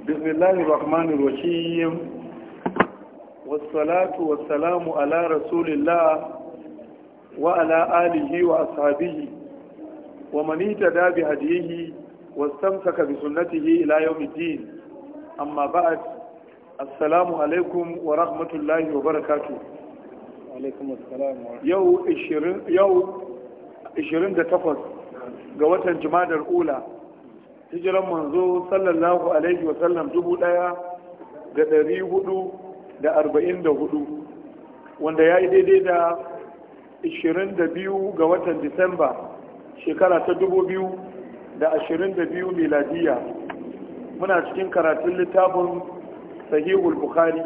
بسم الله الرحمن الرحيم والصلاة والسلام على رسول الله وعلى آله وأصحابه ومن اهتدى بهديه واستمسك بسنته إلى يوم الدين أما بعد السلام عليكم ورحمة الله وبركاته عليكم السلام ورحمة يو, يو 28 ga watan jimadar ula hijiran manzo sallallahu alaihi wasallam dubu daya da dari hudu da arba'in da hudu wanda ya yi daidai da 22 ga watan disamba shekara ta dubu biyu da ashirin da biyu miladiya muna cikin karatun littafin sahihul bukhari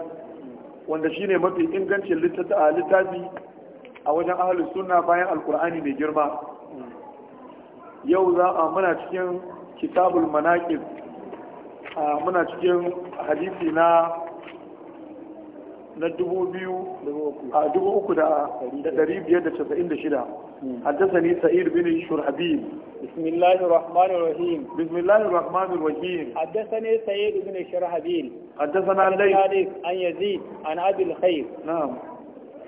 wanda shine mafi ingancin littafi a wajen ahalin sunna bayan alkur'ani mai girma yau za a muna cikin kitabul manaqib a muna cikin hadisi na na dubu biyu a dubu uku da dari biyar da casa'in da shida حدثني سعيد بن شرحبيل بسم rahmanir rahim. الرحيم بسم الله الرحمن الرحيم حدثني سعيد بن شرحبيل حدثنا الليث عن يزيد عن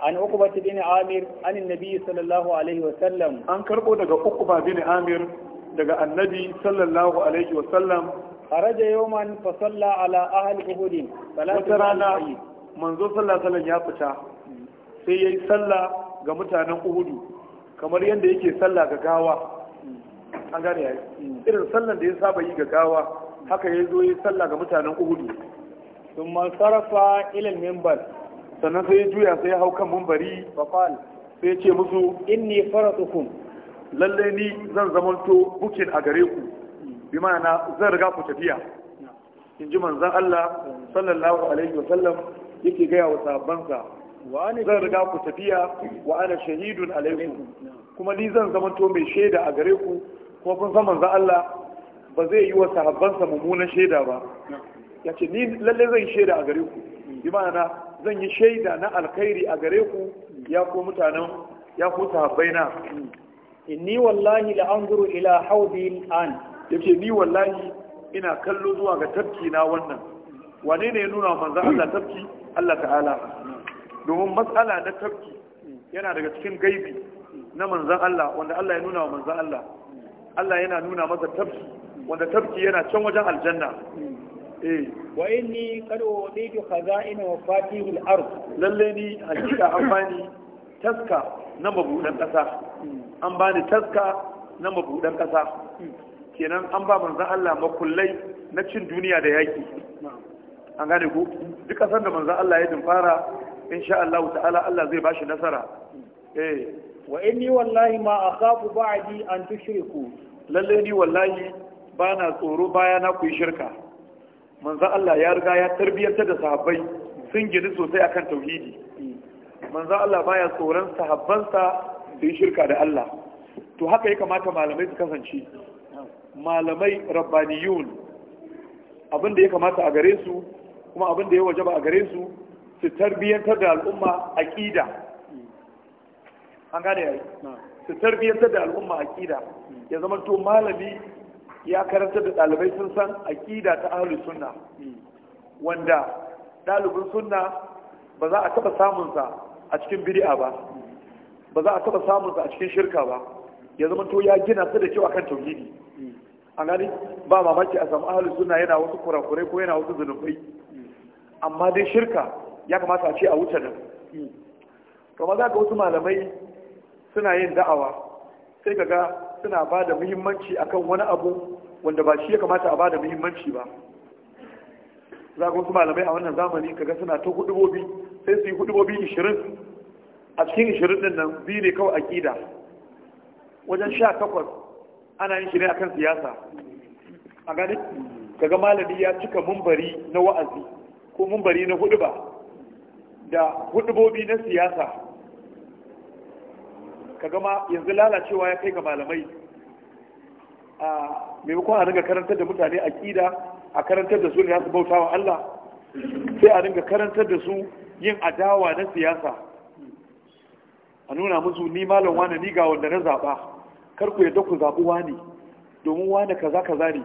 an ukuba bin amir an annabi sallallahu alaihi wa sallam an karbo daga ukuba bin amir daga annabi sallallahu alaihi wa sallam kharaja yawman fa salla ala ahli uhud salatu rana manzo sallallahu alaihi ya fita sai yayi sallah ga mutanen uhudu kamar yadda yake sallah ga gawa an gane yayi irin sallan da ya saba yi ga gawa haka ya zo yi sallah ga mutanen uhudu sun sarrafa ilal mimbar sannan sai ya juya sai ya hau kan mumbari faqal sai ya ce musu inni faratukum lalle ni zan zamanto bukin a gare ku bi ma'ana zan riga ku tafiya in ji manzan Allah sallallahu alaihi wa sallam yake gaya wa sahabbansa zan riga ku tafiya wa ana shahidun alaikum kuma ni zan zamanto mai shaida a gare ku kuma kun san manzan Allah ba zai yi wa sahabbansa mummunan shaida ba ya ce ni lalle zan shaida a gare ku mm. bi ma'ana zan yi shaida na alkhairi a gare ku ya ku mutanen ya ku sahabbaina inni wallahi la anzuru ila hawdi an yace ni wallahi ina kallo zuwa ga tafki na wannan wane ne ya nuna manzo Allah tafki Allah ta'ala domin matsala na tafki yana daga cikin gaibi na manzan Allah wanda Allah ya nuna wa manzan Allah Allah yana nuna masa tafki wanda tafki yana can wajen aljanna Eh. wa inni qad waditu khaza'ina wa fatihul ard lalle ni hakika an bani taska na mabudan kasa an bani taska na mabudan kasa kenan an ba manzon Allah makullai na cin duniya da yaki an gane ku duk san da manzon Allah ya dumfara insha Allah ta'ala Allah zai bashi nasara eh wa inni wallahi ma akhafu ba'di an tushriku lalle ni wallahi bana tsoro baya na ku shirka manzan Allah ya riga ya tarbiyyantar da sahabbai sun gini sosai akan tauhidi manzan Allah baya tsoron sahabbansa da yi shirka da Allah to haka ya kamata malamai su kasance malamai rabbaniyun abin da ya kamata a gare su kuma abin da ya wajaba a gare su su tarbiyyantar da al'umma aqida an gane yayi su tarbiyyantar da al'umma aqida ya zama to malami ya karanta da ɗalibai sun san aƙida ta ahli sunna wanda ɗalibin sunna ba za a taɓa samunsa a cikin bid'a ba ba za a taɓa samunsa a cikin shirka ba ya zama to ya gina su da kyau akan tauhidi an gani ba mamaki a samu ahli sunna yana wasu kurakurai ko yana wasu zunubai amma dai shirka ya kamata a ce a wuce nan to ma za ka wasu malamai suna yin da'awa sai ka ga suna ba da muhimmanci akan wani abu wanda ba shi ya kamata a ba da muhimmanci ba za ku wasu malamai a wannan zamani kaga suna ta hudubobi sai su yi hudubobi ishirin a cikin ishirin din nan biyu ne kawai aƙida wajen sha takwas ana yin shi ne akan siyasa a gani kaga malami ya cika mumbari na wa'azi ko mumbari na huduba da hudubobi na siyasa kaga ma yanzu lalacewa ya kai ga malamai a maimakon a ringa karantar da mutane aƙida a karantar da su ne su bauta wa Allah sai a ringa karantar da su yin adawa na siyasa a nuna musu ni malam wani ni ga wanda na zaɓa kar ku yadda ku zaɓi wane domin wani kaza kaza ne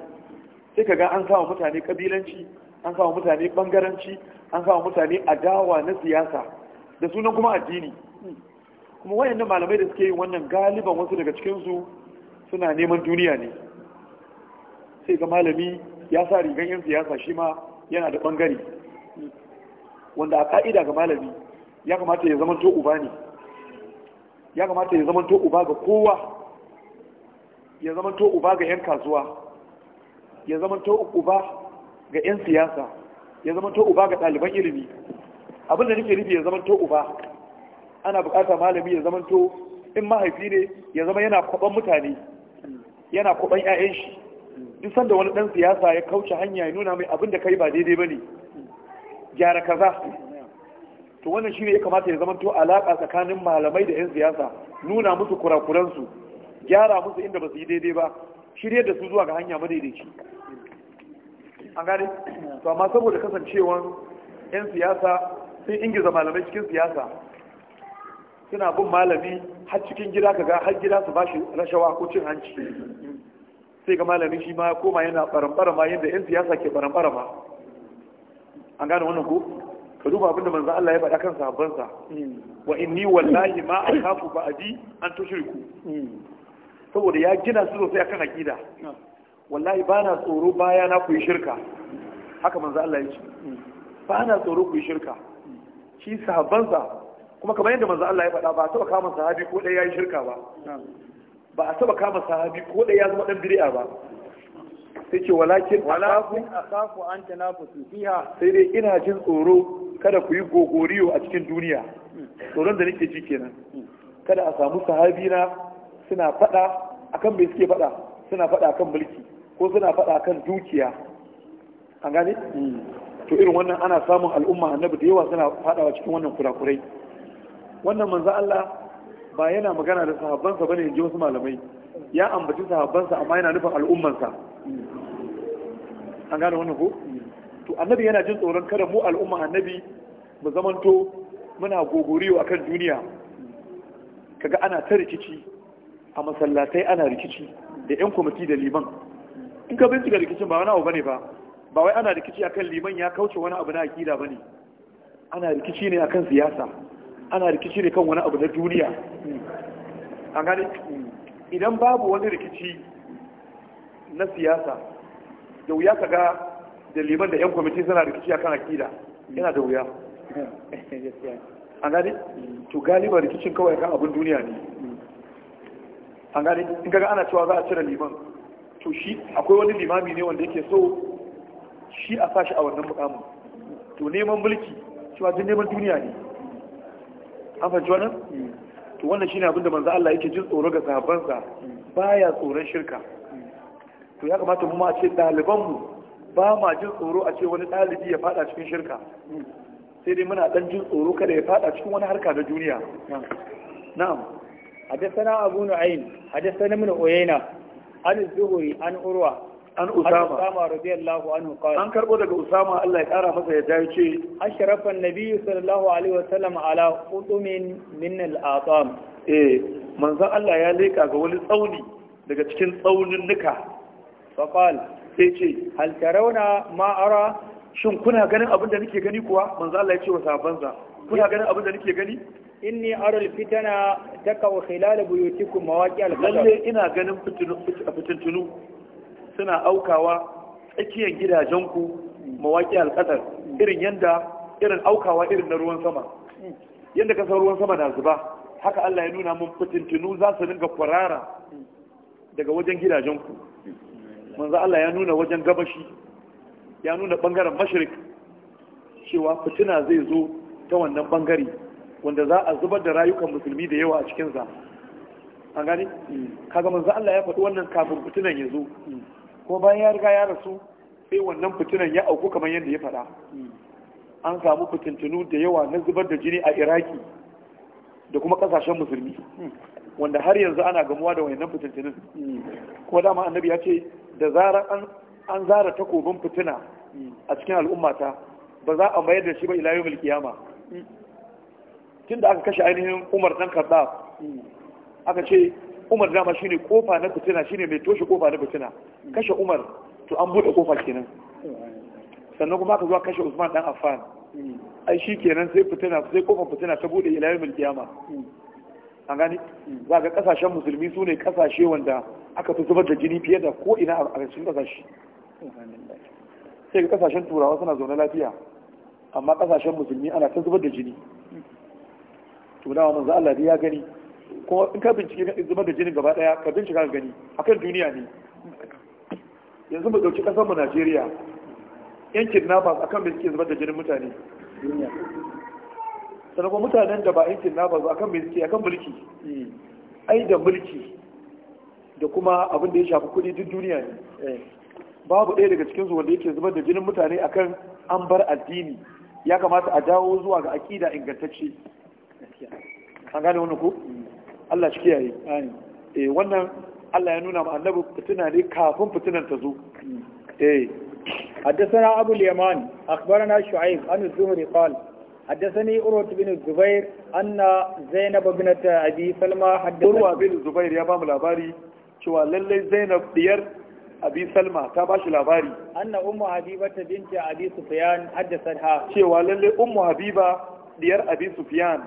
sai ka ga an sa mutane kabilanci an sa mutane bangaranci an sa mutane adawa na siyasa da sunan kuma addini kuma wayannan malamai da suke yin wannan galiban wasu daga cikinsu suna neman duniya ne sai ga malami ya sa rigan yin siyasa shi ma yana da bangare wanda a ka'ida ga malami ya kamata ya zama to uba ne ya kamata ya zama to uba ga kowa ya zama to uba ga 'yan kasuwa ya zama to uba ga 'yan siyasa ya zama to uba ga ɗaliban ilimi abin da nake nufi ya zama to uba ana bukata malami ya zama to in mahaifi ne ya zama yana kwaban mutane yana kuɓan 'ya'yan shi duk sanda wani dan siyasa ya kauce hanya ya nuna mai abin da kai ba daidai ba ne. gyara kaza to wannan shine ya kamata ya zama to alaka tsakanin malamai da 'yan siyasa nuna musu kurakuransu gyara musu inda ba su yi daidai ba shirye da su zuwa ga hanya madaidaici an gane to amma saboda kasancewan 'yan siyasa sun ingiza malamai cikin siyasa suna bin malami har cikin gida ka ga har gida su shi rashawa ko cin hanci sai ga malami shi ma koma yana barambarama yadda yan siyasa ke barambarama an gane wannan ko ka duba abinda manzo Allah ya faɗa kan sahabbansa wa inni wallahi ma akhafu ba'di an tushriku saboda ya gina su sosai akan akida wallahi ba na tsoro baya na kuyi shirka haka manzo Allah ya ce ba na tsoro kuyi shirka shi sahabbansa kuma kamar yadda manzo Allah ya faɗa ba a taba kama sahabi ko ɗaya yayi shirka ba ba a taba kama sahabi ko ɗaya ya zama dan bid'a ba sai ce walakin walakin akafu an tanafusu fiha sai dai ina jin tsoro kada ku yi gogoriyo a cikin duniya tsoron da nake ji kenan kada a samu sahabi na suna faɗa akan bai suke faɗa suna faɗa akan mulki ko suna faɗa akan dukiya an gane mm. to irin wannan ana samun al'umma annabi da yawa suna faɗawa cikin wannan kurakurai wannan manzo Allah ba yana magana da sahabbansa bane inji wasu malamai ya ambaci sahabbansa amma yana nufin al'ummansa an gane wannan ko to annabi yana jin tsoron kada mu al'umma annabi mu zamanto muna gogoriyo akan duniya kaga ana ta rikici a masallatai ana rikici da yan kwamiti da liman in ka bincika rikicin ba wani abu bane ba ba wai ana rikici akan liman ya kauce wani abu na akida bane ana rikici ne akan siyasa ana rikici ne kan wani abu na duniya a gani idan babu wani rikici na siyasa da wuya ka ga da liman da 'yan kwamiti suna rikici a kan akida yana da wuya a gani to galiba rikicin kawai kan abin duniya ne a gani in kaga ana cewa za a cire liman to shi akwai wani limami ne wanda yake so shi a sashi a wannan mukamin to neman mulki cewa duk neman duniya ne an wannan to wannan shine abinda manzo Allah yake jin tsoro ga sahabbansa baya tsoron shirka to ya kamata mu ma ce ɗaliban mu ba ma jin tsoro a ce wani dalibi ya fada cikin shirka sai dai muna dan jin tsoro kada ya fada cikin wani harka na duniya na'am حدثنا أبو نعيم حدثنا من أوينا an الزهري an urwa. an usama radiyallahu anhu qala an karbo daga usama Allah ya kara masa yadda ya ce ashrafa annabi sallallahu alaihi wasallam ala qutumin min al-atam eh manzon Allah ya leka ga wani tsauni daga cikin tsaunin nuka fa qala sai ce hal tarawna ma ara shin kuna ganin abin da nake gani kuwa manzon Allah ya ce wa sahabbansa kuna ganin abin da nake gani inni aral fitana takaw khilal buyutikum mawaqi al-qadar lalle ina ganin fitinu fitintunu suna aukawa tsakiyar gidajenku mawaƙi alƙadar irin yanda irin aukawa irin na ruwan sama yadda kasar ruwan sama na zuba haka Allah ya nuna mun fitintinu za su dinga kwarara daga wajen gidajenku manzo Allah ya nuna wajen gabashi ya nuna bangaren mashrik cewa fitina zai zo ta wannan bangare wanda za a zubar da rayukan musulmi da yawa a cikin za an gani kaga manzo Allah ya faɗi wannan kafin fitinan ya zo ko bayan ya riga ya rasu sai wannan fitinan ya auku kamar yadda ya faɗa an samu fitintunu da yawa na zubar da jini a iraki da kuma kasashen musulmi wanda har yanzu ana gamuwa da wannan fitintunin ko dama annabi ya ce da zarar an zara takobin fitina a cikin al'ummata ba za a mayar da shi ba ilayu mulkiyama tun da aka kashe ainihin umar dan kaddaf aka ce umar dama shine kofa na fitina shine mai toshe kofa na fitina kashe umar to an buɗe kofa kenan sannan kuma aka zuwa kashe usman dan affan ai shi kenan sai fitina sai kofa fitina ta buɗe ila milkiyama qiyama an gani za ga kasashen musulmi su ne kasashe wanda aka fi zubar da jini fiye da ko ina a cikin kasashe sai ga kasashen turawa suna zaune lafiya amma kasashen musulmi ana ta zubar da jini to mun manzo Allah ya gani ko in ka bincike zubar da jinin gaba daya ka bincika ka gani akan duniya ne yanzu mu dauki kasar mu Najeriya yan kidnappers akan me suke zubar da jinin mutane sannan kuma mutanen da ba yan kidnappers akan me akan mulki hmm. ai da mulki da kuma abin da ya shafi kuɗi duk duniya ne eh. babu ɗaya daga cikin su wanda yake zubar da jinin mutane akan an bar addini ya kamata a dawo zuwa ga aƙida ingantacce an gane wani ku. Allah shi kiyaye eh wannan Allah ya nuna ma annabi fitina ne kafin fitinan ta zo eh حدثنا أبو اليمان أخبرنا شعيب عن الزهري قال حدثني أروة بن الزبير أن زينب بنت أبي سلمى حدثني أروة بن الزبير يا بام الأباري شو للي زينب دير أبي سلمى تاباش الأباري أن أم حبيبة بنت أبي سفيان حدثتها شو للي أم حبيبة دير أبي سفيان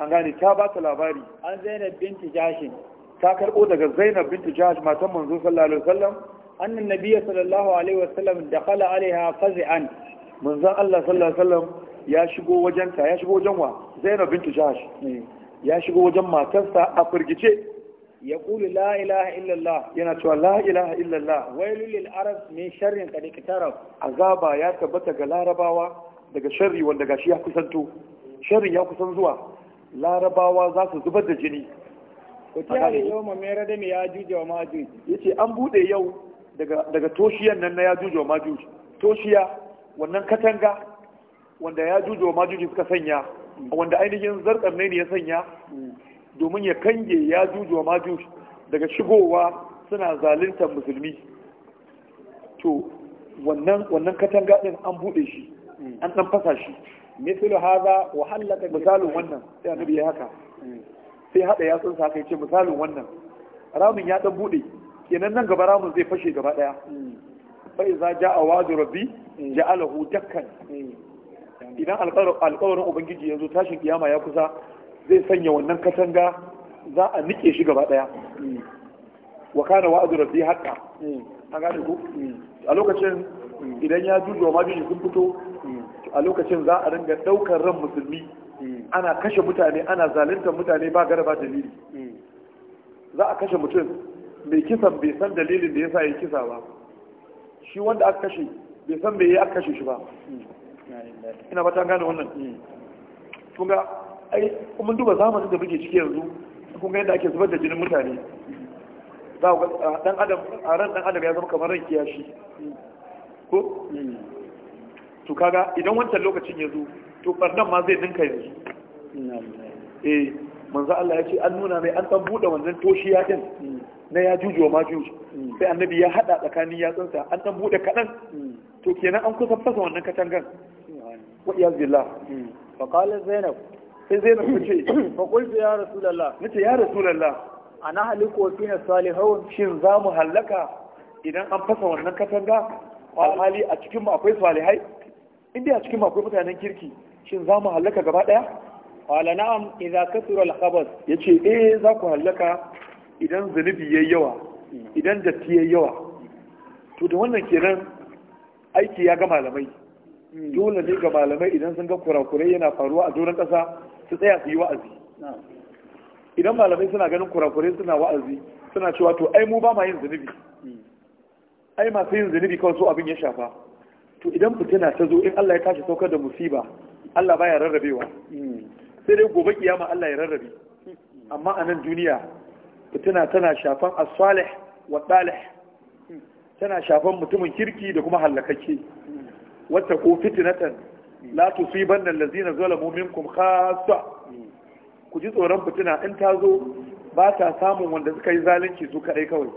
an gane ta ba ta labari an zainab binti jashin ta karbo daga zainab binti jash matan manzo sallallahu alaihi wasallam annan nabiyyi sallallahu alaihi wasallam dakhala alaiha fazi'an manzo Allah sallallahu alaihi wasallam ya shigo wajen ta ya shigo wajen wa zainab binti jash eh. ya shigo wajen matarsa a firgice ya kulu la ilaha illallah yana cewa la ilaha illallah wailul lil arab min sharrin qad azaba ya tabbata ga larabawa daga sharri wanda gashi ya kusanto sharri ya kusan zuwa larabawa za su zubar da jini yi yau ma mera da mai yajuj wa Ya yace an bude yau daga toshiyan nan na yajuj wa majuj toshiya wannan katanga wanda yajuj wa majuj suka sanya mm. wanda ainihin zarkan ne ya sanya mm. domin ya kange yajuj wa majuj daga shigowa suna zaluntar musulmi to wannan katanga din an bude shi mm. an dan fasa shi mithlu hadha wa halaka misalin wannan sai annabi ya haka sai hada ya tsunsa kai ce misalin wannan ramin ya dan bude kenan nan gaba ramin zai fashe gaba daya fa iza jaa wa'du rabbi ja'alahu dakkan idan alƙawarin ubangiji yanzu tashin kiyama ya kusa zai sanya wannan katanga za a nike shi gaba daya wa kana wa'du rabbi haqqan an gane ku a lokacin idan ya jujo ma sun fito a lokacin za a ringa daukar ran musulmi mm. ana kashe mutane ana zalunta mutane ba gara ba dalili mm. za a kashe mutum mai kisan bai san dalilin da ya sa ya kisa ba shi wanda aka kashe bai san bai yi aka kashe shi ba mm. ina ba ta gane wannan kun ga ai mun duba zamanin da muke ciki yanzu kun ga yadda ake zubar da jinin mutane za a dan adam a ran dan adam ya zama kamar ran kiyashi ko to kaga idan wancan lokacin ya zo to barnan ma zai dinka yanzu eh manzo Allah ya ce an nuna mai an san bude wannan toshiya din mm. na ya juju ma juju mm. sai annabi ya hada tsakanin yatsunsa an dan bude kadan mm. to kenan an kusa fasa wannan katangan wa ya billah fa qala zainab sai zainab ta ce fa qultu ya rasulullah nace ya rasulullah ana haliku fina salihun shin za mu halaka idan an fasa wannan katanga alhali a cikin mu akwai salihai inda a cikin akwai mutanen kirki shin za mu hallaka gaba daya wala na'am idza kathura al-khabath yace eh za ku hallaka idan zunubi yayi yawa idan datti yayi yawa to da wannan kenan aiki ya ga malamai hmm. dole ne ga malamai idan sun ga kurakurai yana faruwa a doron ƙasa su tsaya su yi wa'azi idan malamai suna ganin kurakurai suna wa'azi suna cewa to ai mu ba ma yin zunubi hmm. ai masu yin zunubi kawai so abin ya shafa to idan fitina ta zo in Allah ya tashi saukar da musiba Allah baya rarrabewa sai dai gobe kiyama Allah ya rarrabe amma a nan duniya fitina tana shafan as-salih wa dalih tana shafan mutumin kirki da kuma hallakakke wata ko fitinatan la tusibanna allazina zalamu minkum khassa ku ji tsoron fitina in ta zo ba ta samun wanda suka yi zalunci su kadai kawai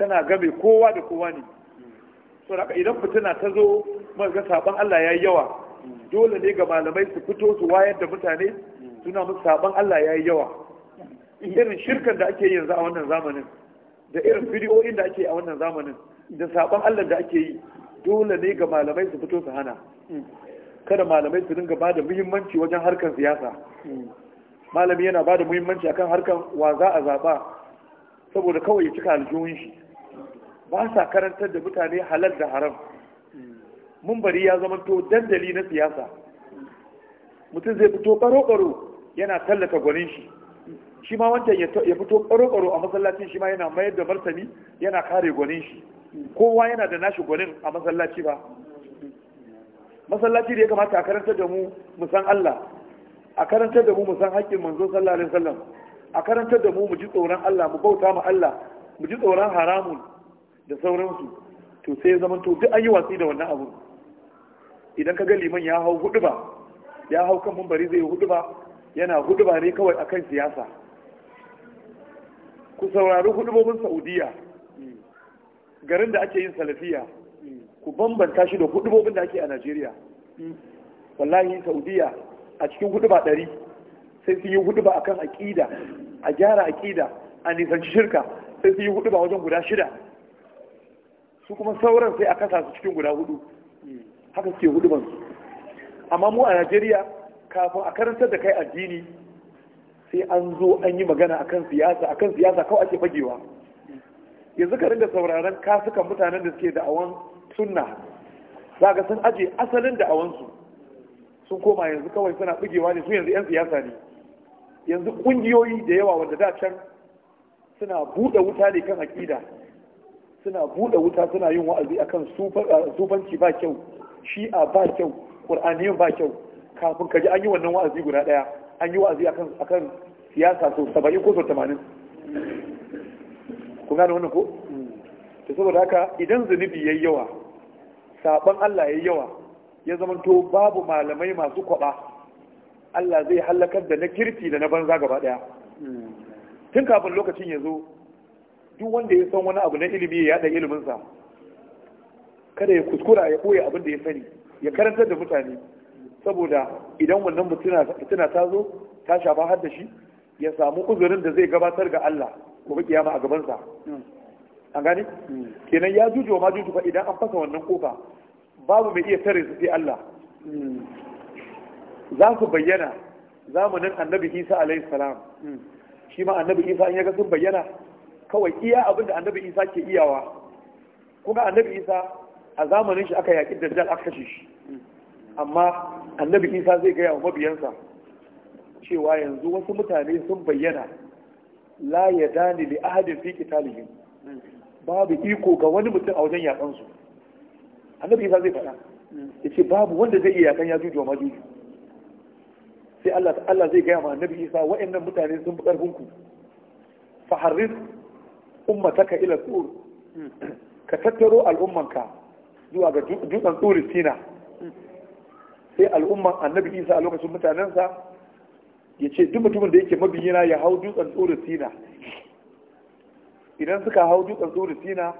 tana game kowa da kowa ne to haka idan fitina ta zo muka ga saban Allah yi yawa dole ne ga malamai su fito su wayar da mutane suna musu saban Allah ya yi yawa irin shirkan da ake yanzu a wannan zamanin da irin bidiyoyin da ake a wannan zamanin da saban Allah da ake yi dole ne ga malamai su fito su hana kada malamai su dinga bada muhimmanci wajen harkar siyasa malami yana bada muhimmanci akan harkar wa za a zaba saboda kawai ya cika aljihun shi ba sa karantar da mutane halal da haram Mun bari ya zama to dandali na siyasa mutum zai fito karo-karo yana tallata gwanin shi shi ma wancan ya fito karo-karo a masallacin shi ma yana mayar da martani yana kare gwanin shi kowa yana da nashi gwanin a masallaci ba masallaci da ya kamata a karantar da mu musan Allah a karantar da mu musan haƙƙin manzo sallallahu alaihi wasallam a karantar da mu mu ji tsoron Allah mu bauta ma Allah mu ji tsoron haramun da sauransu to sai ya zama to duk an yi watsi da wannan abu idan ka ga liman ya hau hudu ba ya hau kan mumbari zai hudu ba yana hudu ba ne kawai akan siyasa ku saurari hudubobin saudiya garin da ake yin salafiya ku bambanta shi da hudubobin da ake a najeriya wallahi saudiya a cikin hudu ba ɗari sai sun yi hudu ba akan aƙida a gyara aƙida a nisanci shirka sai sun yi hudu ba wajen guda shida su kuma sauran sai a kasa su cikin guda hudu haka suke hudu ban su amma mu a najeriya kafin a karantar da kai addini sai an zo an yi magana akan siyasa akan siyasa kawai ake fagewa yanzu ka ringa sauraron kasukan mutanen da suke da'awan sunna za ga sun aje asalin da'awansu sun koma yanzu kawai suna bugewa ne su yanzu 'yan siyasa ne yanzu kungiyoyi da yawa wanda da can suna buɗe wuta ne kan aƙida suna buɗe wuta suna yin wa'azi akan sufanci ba kyau shi'a ba kyau ƙur'aniyun ba kyau kafin ka ji an yi wannan wa'azi guda ɗaya an yi wa'azi akan siyasa sau saba'in ko sau tamanin kun gane wannan ko to saboda haka idan zunubi ya yi yawa sabon Allah ya yi yawa ya zamanto babu malamai masu kwaɓa. Allah zai hallakar da na kirki da na banza gaba ɗaya. tun kafin lokacin ya zo duk wanda ya san wani abu na ilimi ya yada iliminsa kada ya kuskura ya koya abin da ya sani ya karantar da mutane saboda idan wannan mutuna ta zo ta shafa har da shi ya samu uzurin da zai gabatar ga Allah ba kiyama a gabansa an gane kenan ya juju ma juju fa idan an fasa wannan kofa babu mai iya tare su sai Allah za su bayyana zamanin annabi Isa alayhi salam shi ma annabi Isa in ya ga sun bayyana kawai iya abinda annabi isa ke iyawa kuma annabi isa a zamanin shi aka yaƙi dajjal aka kashe shi amma annabi isa zai gaya wa mabiyansa cewa yanzu wasu mutane sun bayyana la ya dani li ahadin fi qitalihim babu iko ga wani mutum a wajen yaƙansu. su annabi isa zai faɗa ce babu wanda zai iya yakan yajuju wa majuju sai Allah zai gaya ma annabi isa wa'annan mutane sun fi karfin ku fa harris ummataka ila tur ka tattaro al'ummanka zuwa ga dutsen turi sina sai al'umman annabi isa a lokacin mutanensa ya ce duk mutumin da yake mabiyina ya hau dutsen turi sina idan suka hau dutsen turi sina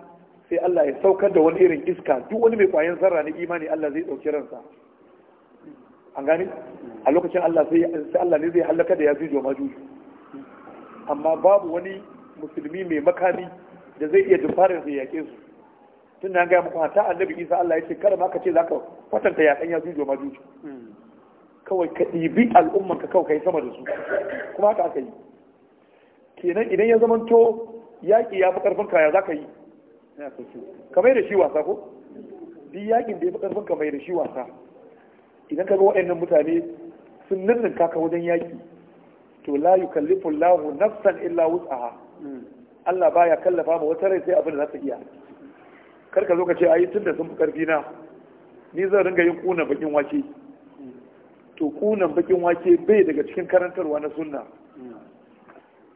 sai Allah ya saukar da wani irin iska duk wani mai kwayan zarra na imani Allah zai ɗauki ransa an gani a lokacin Allah sai Allah ne zai halaka da ya zuwa majuju amma babu wani musulmi mai makami da zai iya dumfarin su yaƙe su tun da gaya muku hata annabi isa allah ya ce kada ma ka ce za ka kwatanta yaƙen ya zujo ma zuci kawai ka ɗibi al'umman ka kawai ka yi sama da su kuma haka aka yi kenan idan ya zamanto yaƙi ya fi ƙarfin kaya za ka yi mai da shi wasa ko duk yaƙin da ya fi ƙarfin mai da shi wasa idan ka ga waɗannan mutane sun nannan kaka wajen yaƙi to la yukallifu llahu nafsan illa wus'aha Allah baya kallafa ma wata rai sai abin da za ta iya kar ka zo ka ce ayi tunda sun fi karfi na ni zan ringa yin kuna bakin wake to kunan bakin wake bai daga cikin karantarwa na sunna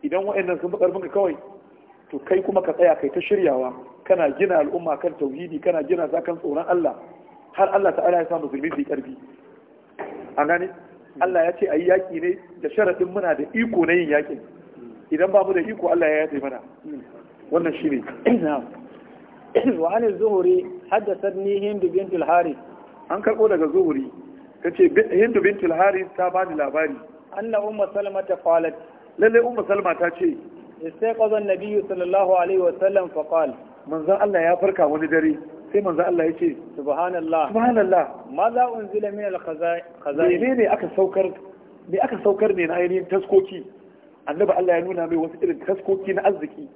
idan wa'annan sun fi karfin ka kawai to kai kuma ka tsaya kai ta shiryawa kana gina al'umma kan tauhidi kana gina kan tsoron Allah har Allah ta'ala ya sa musulmi su yi karfi an gane Allah ya ce ayi yaki ne da sharadin muna da iko na yin yakin idan babu da iko Allah ya yafe mana wannan shi ne wa an zuhuri haddathatni hind bint al-harith an karbo daga zuhuri tace hind bint al-harith ta bani labari anna umma salma ta qalat lalle umma salma ta ce istaqaza an-nabiy sallallahu alaihi wa sallam fa qala manzon Allah ya farka wani dare sai manzo Allah ya ce subhanallah subhanallah ma za unzila min al-khaza'in ne aka saukar me aka saukar ne na ainihin taskoki annabi Allah ya nuna mai wasu irin taskoki na arziki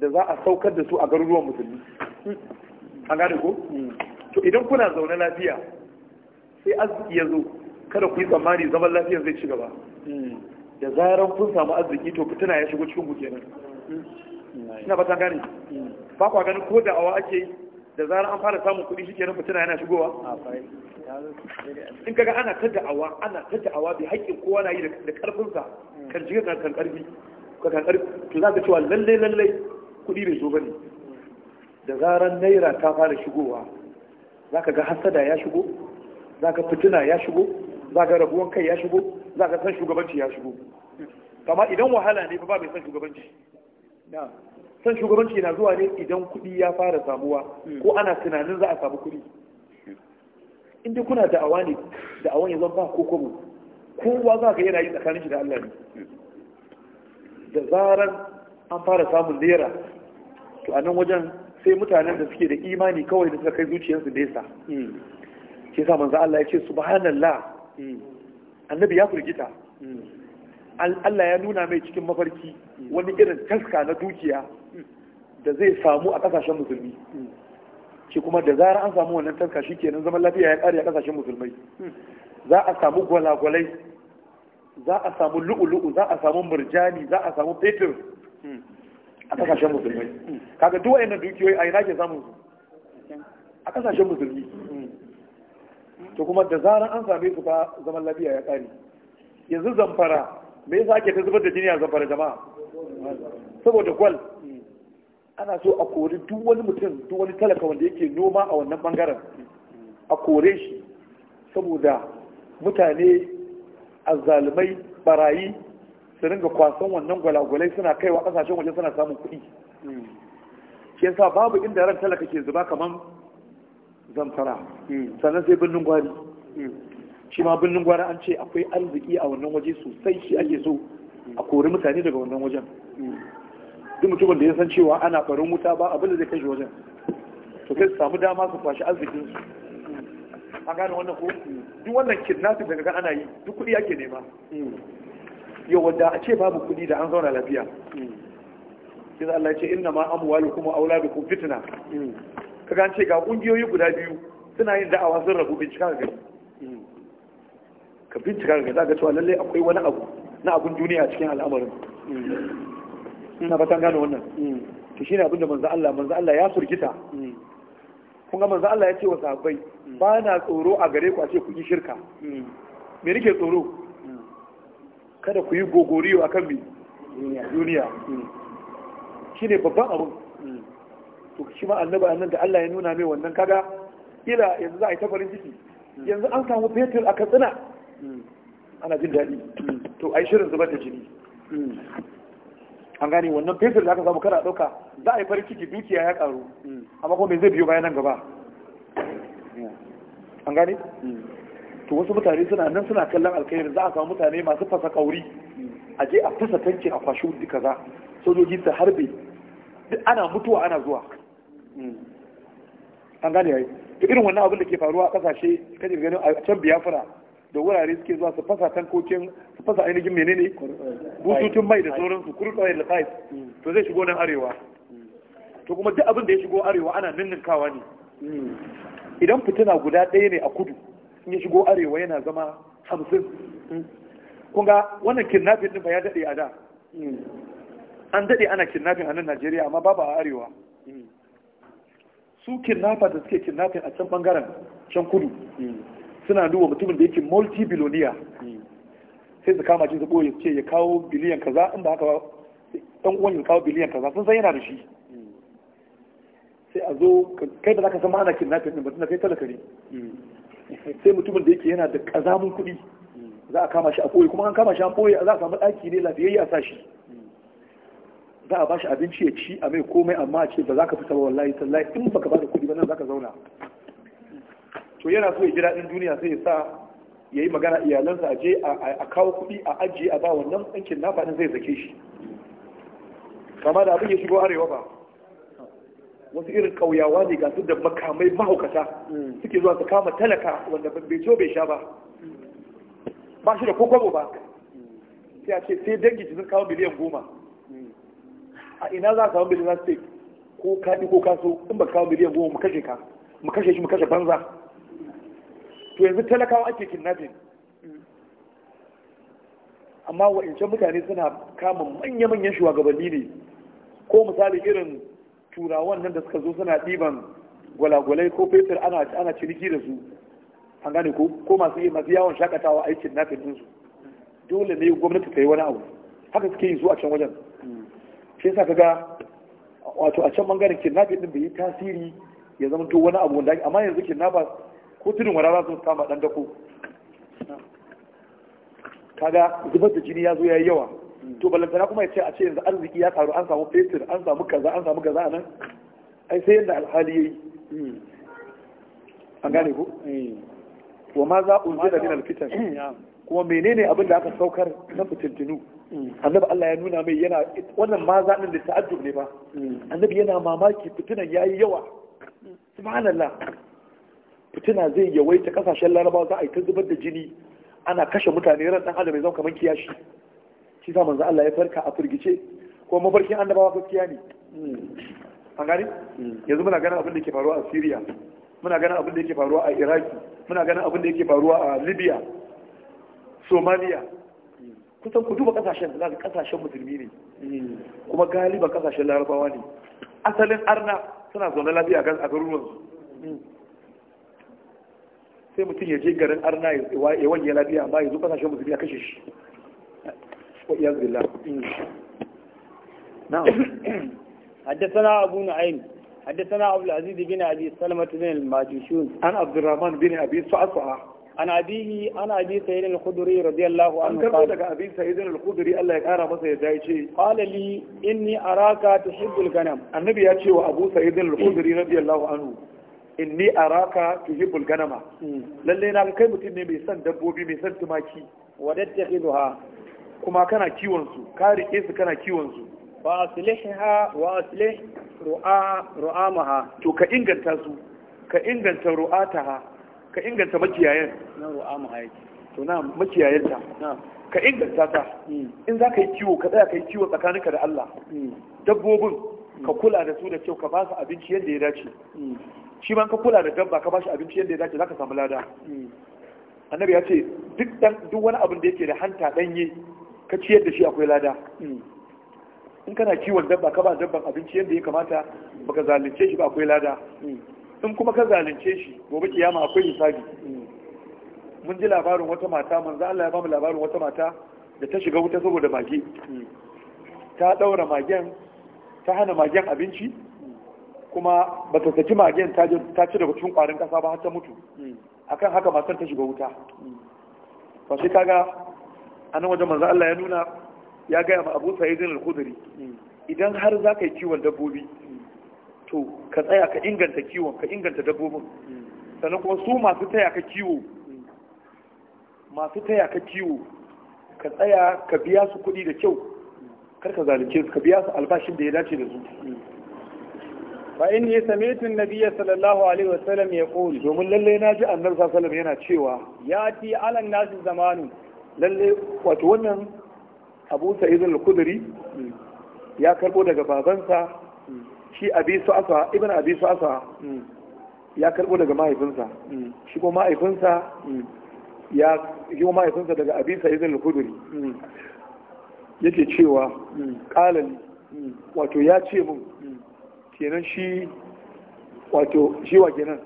da za a saukar da su a garuruwan musulmi an gane ko to idan kuna zaune lafiya sai arziki ya zo kada ku yi tsammani zaman lafiya zai ci gaba da zaran kun samu arziki to fitina ya shigo cikin ku kenan ina ba ta gane ba kwa ganin ko da awa ake da zaran an fara samun kuɗi shi kenan fitina yana shigowa in kaga ana ta da'awa ana ta da'awa bi haƙƙin kowa na yi da ƙarfinsa kan shiga kan karfi ka kan karfi to za ka cewa lalle lalle kuɗi bai zo ba ne da zaran naira ta fara shigowa za ka ga hasada ya shigo za ka ya shigo za ka rabuwan kai ya shigo za ka san shugabanci ya shigo kama idan wahala ne fa ba mai san shugabanci san shugabanci na zuwa ne idan kuɗi ya fara samuwa hmm. ko ana tunanin za a samu kuɗi hmm. in dai kuna da'awa ne da'awan ya zan ba ko kobo. kowa za ka yi yi tsakanin shi da Allah ne da zaran an fara samun lera to a nan wajen sai mutanen da suke da imani kawai da suka kai zuciyarsu nesa ke sa manzo Allah ya ce subhanallah annabi ya firgita Allah ya nuna mai cikin mafarki wani irin taska na dukiya da zai samu a kasashen musulmi shi kuma da zara an samu wannan taska shi kenan zaman lafiya ya kare a kasashen musulmai za a samu gwalagwalai za a samu lu'ulu'u za a samu murjani za a samu fetur a kasashen musulmi kaga duk wayannan dukiyoyi a ina ke samun su a kasashen musulmi to kuma da zaran an same su ka zaman lafiya ya kare yanzu zamfara me yasa ake ta zubar da jini a zamfara jama'a saboda gwal ana so a kori duk wani mutum duk wani talaka wanda yake noma a wannan bangaren a kore shi saboda mutane azzalumai barayi su ringa kwasan wannan gwalagwalai suna kaiwa kasashen waje suna samun kuɗi hmm. shi yasa babu inda ran talaka ke zuba kaman zamfara hmm. sannan sai birnin gwari hmm. shi ma birnin gwari an ce akwai arziki a wannan waje sosai shi ake so a kori mutane daga wannan wajen duk mutumin da ya san cewa ana barin wuta ba abin da zai kashe wajen to kai su samu dama su kwashi arzikin su A gane wannan ko duk wannan kidnapping daga kan ana yi duk kudi yake nema yau wanda a ce babu kudi da an zauna lafiya sai Allah ya ce inna ma amwalukum wa auladukum fitna kaga an ce ga kungiyoyi guda biyu suna yin da'awa sun rabu bincika ga gari ka bincika ga zaka cewa lalle akwai wani abu na abun duniya cikin al'amarin ina fatan gane wannan to shine abin da manzo Allah manzo Allah ya surgita kun ga manzo Allah ya ce wa sahabbai ba na tsoro a gare ku a ce ku yi shirka me nake tsoro kada ku yi gogoriyo akan mi duniya shine babban abu to shi ma annabi annan da Allah ya nuna mai wannan kaga ila yanzu za a yi ta farin ciki yanzu an samu fetur a katsina hmm. ana jin daɗi to a yi shirin zubar da jini hmm. an gane wannan fetur da aka samu kada ɗauka za a yi farin ciki dukiya ya ƙaru amma kuma me zai biyo bayan nan gaba an gane to wasu mutane suna nan suna kallon alkhairi za a samu mutane masu fasa kauri a je a fasa tanki a kwashe wuri kaza sojoji su harbe duk ana mutuwa ana zuwa an gane yayi to irin wannan abin da ke faruwa a kasashe kaje ganin a can biyafura da wurare suke zuwa su fasa tankokin su fasa ainihin menene bututun mai da sauransu kurkawai da pipe to zai shigo nan arewa to kuma duk abin da ya shigo arewa ana ninninkawa ne idan fitina guda ɗaya ne a kudu in ya shigo arewa yana zama hamsin kun ga wannan kidnapping din ba ya daɗe a da an daɗe ana kidnapping a nan najeriya amma babu a arewa su kidnapper da suke kidnapping a can bangaren can kudu suna duba mutumin da yake multi biloniya sai su kama shi su ɓoye ce ya kawo biliyan kaza in ba haka ba ɗan uwan ya kawo biliyan kaza sun san yana da shi sai a zo kai da za ka san ma'ana kidnapping ɗin ba tunda kai da kare sai mutumin da yake yana da ƙazamun kuɗi za a kama shi a ɓoye kuma an kama shi an ɓoye za a samu ɗaki ne lafiyayye a sa shi za a ba shi abinci ya ci a mai komai amma a ce ba za ka fita ba wallahi sallai in baka ba da kuɗi ba nan za ka zauna to yana so ya ji daɗin duniya sai ya sa ya yi magana iyalansa a je a kawo kuɗi a ajiye a ba wannan ɗankin na faɗin zai zake shi kama da abin ya shigo arewa ba wasu irin ƙauyawa ne ga su da makamai mahaukata suke zuwa su kama talaka wanda bai ciwo bai sha ba ba shi da Koko ba sai a ce sai dangi sun kawo miliyan goma a ina za a samu miliyan za ko kaɗi ko kaso in ba kawo miliyan goma mu kashe ka mu kashe shi mu kashe banza to yanzu talakawa ake kidnapping amma wa'ancan mutane suna kama manya-manyan shugabanni ne ko misali irin turawan nan da suka zo suna ɗiban gwalagwalai ko fetur ana ciniki da su an gane ko ko masu masu yawon shakatawa aikin yi din su dole ne gwamnati ta yi wani abu haka suke yi su a can wajen shi yasa kaga wato a can bangaren kidnapping din bai yi tasiri ya zama to wani abu wanda amma yanzu kidnappers ko tudun wada za su kama dan dako kaga zubar da jini ya zo ya yi yawa to ballantana kuma ya ce a ce yanzu arziki ya karu an samu fetur an samu kaza an samu kaza nan ai sai yadda alhali yayi an gane ko wa ma za unzila min alfitan kuma menene abin da aka saukar na fitintinu annabi Allah ya nuna mai yana wannan ma za din da ta'addub ne ba mm. annabi yana mamaki fitinan yayi yawa subhanallah fitina zai yawaita kasashen larabawa za a yi ta zubar da jini ana kashe mutane ran dan adam ya zama kamar kiyashi shi sa manzo Allah ya farka a firgice ko mafarkin annabawa gaskiya ne an gani yanzu muna ganin abin da ke faruwa a Syria muna ganin abin da yake faruwa a Iraki muna ganin abin da yake faruwa a Libya Somalia kusan ku duba kasashen da kasashen musulmi ne kuma galiba kasashen larabawa ne asalin arna suna zaune lafiya a garuruwansu sai mutum ya je garin arna ya ya lafiya amma ya zo kasashen musulmi ya kashe shi wa iyaz billah na'am حدثنا أبو نعيم حدثنا أبو العزيز بن أبي سلمة بن الماجشون عن عبد الرحمن بن أبي صعصع عن أبيه عن أبي سيد الخدري رضي الله عنه قال لك أبي سيد الخدري الله يكارى مسا يدايشي قال لي إني أراك تحب الغنم النبي يأتي وأبو سيد الخدري رضي الله عنه inni araka bulgana ma hmm. lalle na kai mutum ne mai son dabbobi mai son tumaki wadattakhiduha kuma kana kiwon su ka rike su kana kiwon su fa ha wa aslih ru'a ha to ka inganta su ka inganta ru'a ta ha, ka inganta makiyayen na ru'amaha yake to na makiyayen ta ka inganta ta hmm. in za ka yi kiwo ka tsaya ka yi kiwo tsakaninka da Allah hmm. dabbobin ka kula da su da kyau ka ba su abinci yadda ya dace shi ma ka kula da dabba ka bashi abinci yadda ya dace zaka samu lada annabi ya ce duk wani abin da yake da hanta danye ka ciyar da shi akwai lada in kana kiwon dabba ka ba dabban abinci yadda ya kamata baka zalunce shi ba akwai lada in kuma ka zalunce shi gobe kiyama akwai hisabi mun ji labarin wata mata manzo Allah ya bamu labarin wata mata da ta shiga wuta saboda mage ta daura magen ta hana magen abinci kuma ba ta saki magen ta ci daga cikin kwarin kasa ba har ta mutu mm. akan haka matar ta shiga wuta to shi kaga anan wajen manzo Allah ya nuna ya gaya ma Abu Sa'id al-Khudri mm. idan har za ka yi kiwon dabbobi mm. to ka tsaya ka inganta kiwon ka inganta dabbobin sannan kuma su masu taya ka kiwo masu taya ka kiwo ka tsaya ka biya su kuɗi da kyau kar ka zalunce su ka biya su albashin da ya dace da su fa yi sami'tu an-nabiyya sallallahu alaihi wasallam yaqul domin lalle na ji annabi sallallahu yana cewa Ya yati alan nasi zamanu lalle wato wannan Abu Sa'id al-Khudri ya karbo daga babansa shi Abi Su'afa ibn Abi asa ya karbo daga mahaifinsa shi ko mahaifinsa ya yi mahaifinsa daga Abi Sa'id al-Khudri hmm. yake cewa hmm. qalali wato ya ce mun kenan shi wato shi wa kenan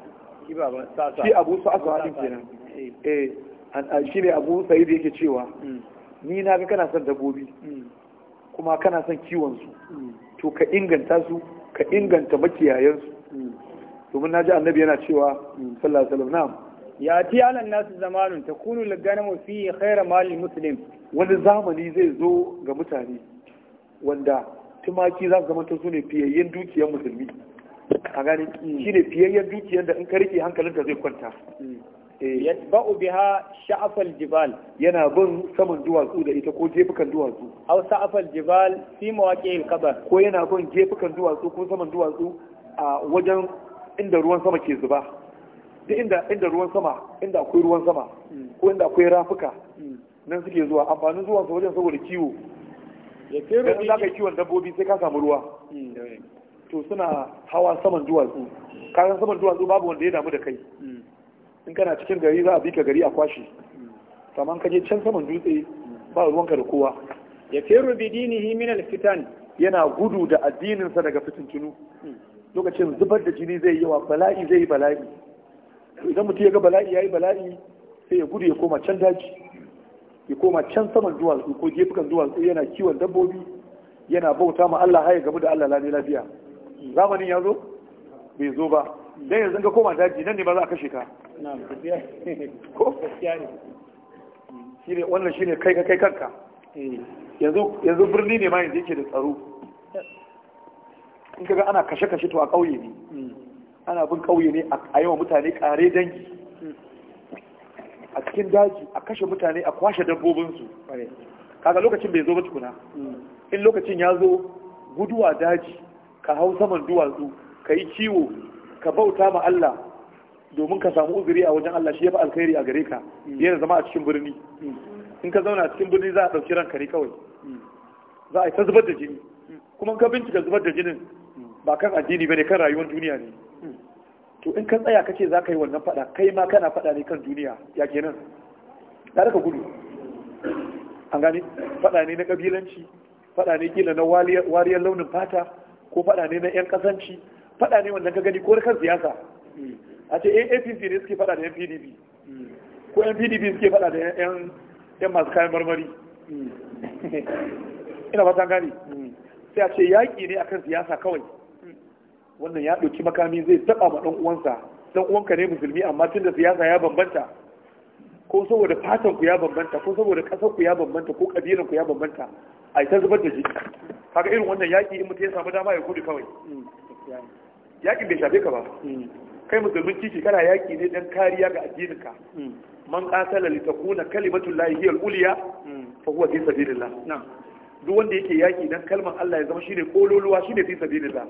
shi abu su asu haɗin kenan eh, eh shi ne abu sa'id yake cewa mm. ni na ga kana son dabbobi mm. kuma kana son kiwon su mm. to ka inganta su ka inganta su domin na ji annabi yana cewa sallallahu alaihi wasallam ya ti alan nasu zamanin ta kunu laganamu fi khaira mali muslim wani zamani zai zo ga mutane wanda tumaki za su zamanta su ne fiyayyen dukiyar musulmi a gani shi ne fiyayyen dukiyar da in ka rike hankalinka zai kwanta eh. yatba'u biha sha'afal jibal yana bin saman duwatsu da ita ko jefukan duwatsu aw sa'afal jibal fi mawaqi'il qabr ko yana bin jefukan duwatsu ko saman duwatsu a wajen inda ruwan sama ke zuba duk inda inda ruwan sama inda akwai ruwan sama hmm. ko inda akwai rafuka hmm. nan suke zuwa amfanin zuwan wajen saboda kiwo da in za yi kiwon dabbobi sai ka samu ruwa mm, to suna hawa saman duwatsu kayan saman duwatsu babu wanda ya damu da kai mm. in kana cikin gari za a bi ka gari a kwashe kamar mm. ka je can saman dutse ba ruwanka da kowa ya firu bi dinihi min alfitan yana gudu da addininsa daga fitintunu lokacin zubar da jini zai yawa bala'i zai yi bala'i idan mutum ya ga bala'i ya yi bala'i sai ya gudu ya koma can daji ya koma can saman duwatsu ko jefukan duwatsu yana kiwon dabbobi yana bauta ma Allah haya gabu da Allah lani lafiya zamanin ya zo bai zo ba dan yanzu ga koma daji nan ne ba za a kashe ka ko shine wannan shine kai ka kai kanka eh. yanzu yanzu birni ne ma yanzu yake da tsaro in kaga ana kashe kashe to a ƙauye ne hmm. ana bin ƙauye ne a yawan mutane kare dangi hmm. a cikin daji a kashe mutane a kwashe dabbobinsu kaga lokacin bai zo ba tukuna mm. in lokacin ya zo guduwa daji ka hau saman duwatsu ka yi ciwo, ka bauta ma Allah domin ka samu uzuri a wajen Allah shi ya fi alkhairi a gare ka mm. yana zama a cikin birni mm. in ka zauna a cikin birni za a ɗauki ranka ne kawai za a yi ta zubar da jini kuma ka bincika zubar da jinin ba kan addini bane kan rayuwar duniya ne to in ka tsaya kace za ka yi wannan fada kai ma kana fada ne kan duniya ya kenan da ka gudu an gane fada ne na kabilanci fada ne kila na wariyar launin fata ko fada ne na yan kasanci fada ne wannan ka gani ko kan siyasa a ce eh, APC ne suke fada da yan PDP ko yan PDP suke fada da yan masu kayan marmari ina fatan gane sai a ce yaƙi ne akan siyasa kawai wannan ya ɗauki makami zai taɓa ma ɗan uwansa ɗan uwanka ne musulmi amma tun da siyasa ya bambanta ko saboda fatan ku ya bambanta ko saboda ƙasar ku ya bambanta ko ƙabilan ku ya bambanta a ta zubar da jiki Haka irin wannan yaƙi in mutum ya samu dama ya gudu kawai yaƙin bai shafe ka ba kai musulmin kiki kana yaƙi ne dan kariya ga addininka man qatala li takuna kalimatu llahi hiya al-ulya fa huwa fi sabilillah duk wanda yake yaƙi dan kalmar Allah ya zama shine kololuwa shine fi sabilillah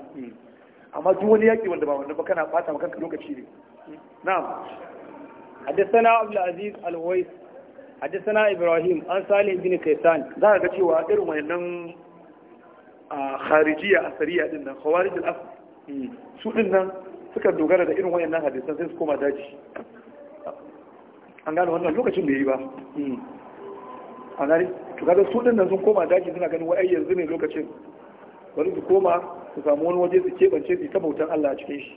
amma duk wani yaƙi wanda ba wanda ba kana ɓata maka kanka lokaci ne na'am حدثنا عبد العزيز hadisana ibrahim an عن صالح kaysan za ka ga cewa irin wayannan kharijiya asariya din nan khawarij al-asr hmm. su din nan suka dogara da irin wayannan hadisan sai su koma daji an gano wannan lokacin da yi ba hmm. a gani to su din nan sun koma daji suna ganin wai yanzu ne lokacin Wani su koma su samu wani waje su keɓance su ta bautan Allah a cikin shi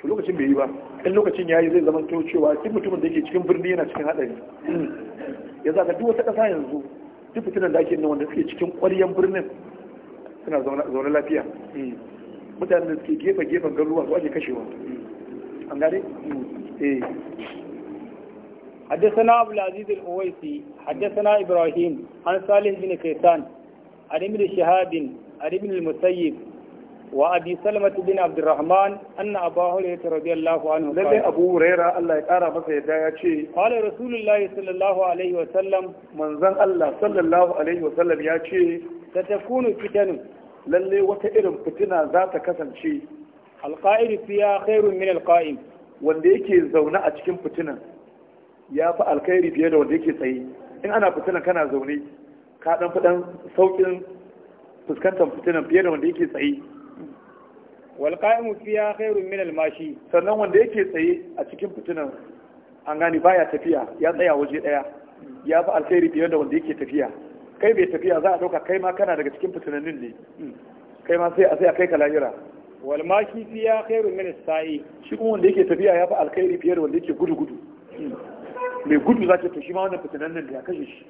to lokacin bai yi ba in lokacin yayi zai zama to cewa duk mutumin da yake cikin birni yana cikin hadari ya zaka duk wata ƙasa yanzu duk fitinan da ake nan wanda suke cikin ƙwaryen birnin suna zaune lafiya mutanen da suke gefe gefen garuruwa su ake kashewa an gane eh حدثنا أبو العزيز الأويسي حدثنا إبراهيم عن صالح بن كيسان عن ابن شهاب عن ابن المسيب وأبي سلمة بن عبد الرحمن أن أبا هريرة رضي الله عنه قال أبو هريرة الله يقرأ مثلا قال رسول الله صلى الله عليه وسلم من زن الله صلى الله عليه وسلم يا ستكون فتن lalle wata irin fitina za ta kasance alƙa'ir fiya khairun min alƙa'im wanda yake zaune a cikin fitinan ya fi alkhairi fiye da wanda yake tsaye in ana fitinan kana zaune ka dan fidan saukin fuskantar fitinan fiye da wanda yake tsaye wal qa'imu fiha khairu min al mashi sannan wanda yake tsaye a cikin fitinan an gani baya tafiya ya tsaya waje daya ya fi alkhairi fiye da wanda yake tafiya kai bai tafiya za a dauka kai ma kana daga cikin fitinannin ne kai ma sai a sai a kai ka lahira wal mashi fiha khairu min sa'i shi kuma wanda yake tafiya ya fi alkhairi fiye da wanda yake gudu gudu mai gudu zaka to shi ma wannan fitinannin da ya kashe shi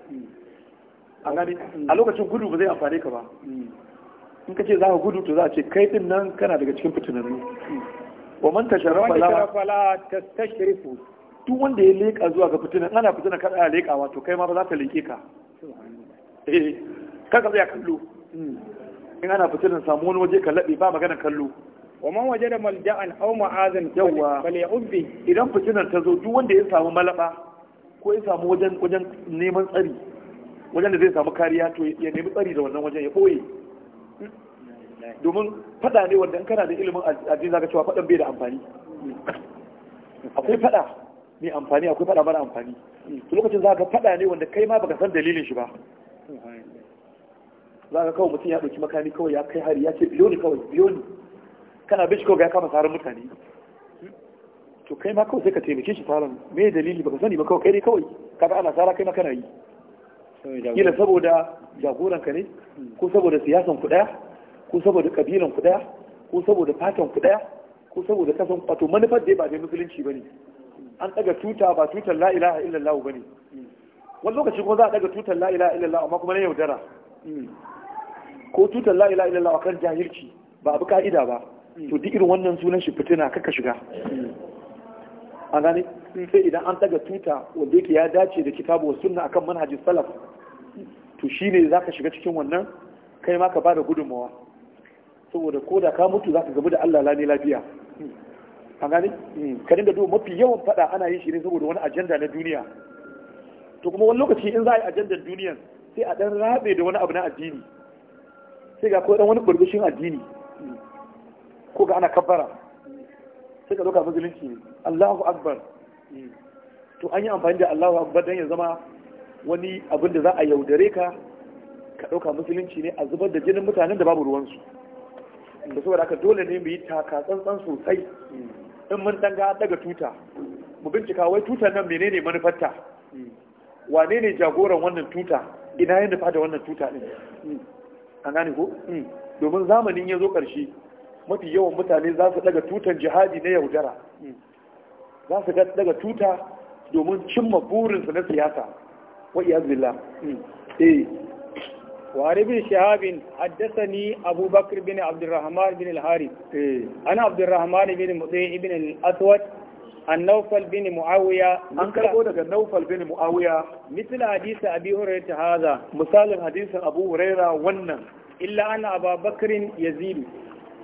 a gani mm. a lokacin gudu ba zai amfane ka ba mm. in ka ce za ka gudu to za a ce kai din nan kana daga cikin fitinannu mm. wa man tasharrafa fala tastashrifu duk wanda ya leka zuwa ga fitinan ana fitina kada ya leka to kai ma ba za ta leke ka eh kaka zai kallo in ana fitinan samu wani waje ka labe ba magana kallo wa man wajada malja'an aw ma'azan yawa falyubbi idan fitinar ta zo duk wanda ya samu malaba ko ya samu wajen wajen neman tsari wajen da zai samu kariya to ya nemi tsari da wannan wajen ya ɓoye domin fada ne wanda in kana da ilimin addini zaka cewa fadan bai da amfani akwai fada mai amfani akwai fada mara amfani to lokacin zaka fada ne wanda kai ma baka san dalilin shi ba zaka kawo mutum ya dauki makami kawai ya kai hari ya ce biyo ni kawai biyo ni kana bin shi kawai ya kama tsarin mutane to kai ma kawai sai ka taimake shi tsarin me dalili baka sani ba kawai kai ne kawai kaga ana tsara kai ma kana yi kila saboda jagoran ka ne ko saboda siyasan ku daya ko saboda kabilan ku daya ko saboda fatan ku daya ko saboda kasan wato manufar da ba dai musulunci bane an daga tuta ba tutar la ilaha illallah bane wani lokaci kuma za a daga tutar la ilaha illallah amma kuma na yaudara ko tutar la ilaha illallah akan jahilci ba abu ka'ida ba to duk irin wannan sunan shi fitina kaka shiga a gani sai idan an daga tuta wanda yake ya dace da kitabu wa sunna akan manhajin salaf to shine zaka shiga cikin wannan kai ma ka bada gudunmawa saboda ko da ka mutu zaka gamu da Allah lani lafiya a gani ka da duk mafi yawan fada ana yin shi ne saboda wani ajanda na duniya to kuma wani lokaci in za a yi ajandar duniyan sai a dan rabe da wani abu na addini sai ga ko dan wani burbushin addini ko ga ana kabbara sai ka doka musulunci ne Allahu Akbar to an yi amfani da Allahu Akbar dan ya zama wani abin da za a yaudare ka ka ɗauka musulunci ne a zubar da jinin mutanen da babu ruwansu da saboda haka dole ne mu yi taka tsantsan sosai in mun danga daga tuta mu bincika wai tutar nan menene manufarta wane ne jagoran wannan tuta ina yin nufa da wannan tuta din an gane ko domin zamanin ya zo ƙarshe mafi yawan mutane za su daga tutan jihadi na yaudara za su ga daga tuta domin cimma burinsu na siyasa wa iyazillah hmm. eh wari bin shahabin haddasani abubakar bin abdurrahman bin alhari eh ana abdurrahman bin al-aswad an nawfal bin muawiya an karbo daga nawfal bin muawiya mithla hadisi abi hurairah hadha misalin hadisi abu hurairah wannan Ila ana abubakar yazid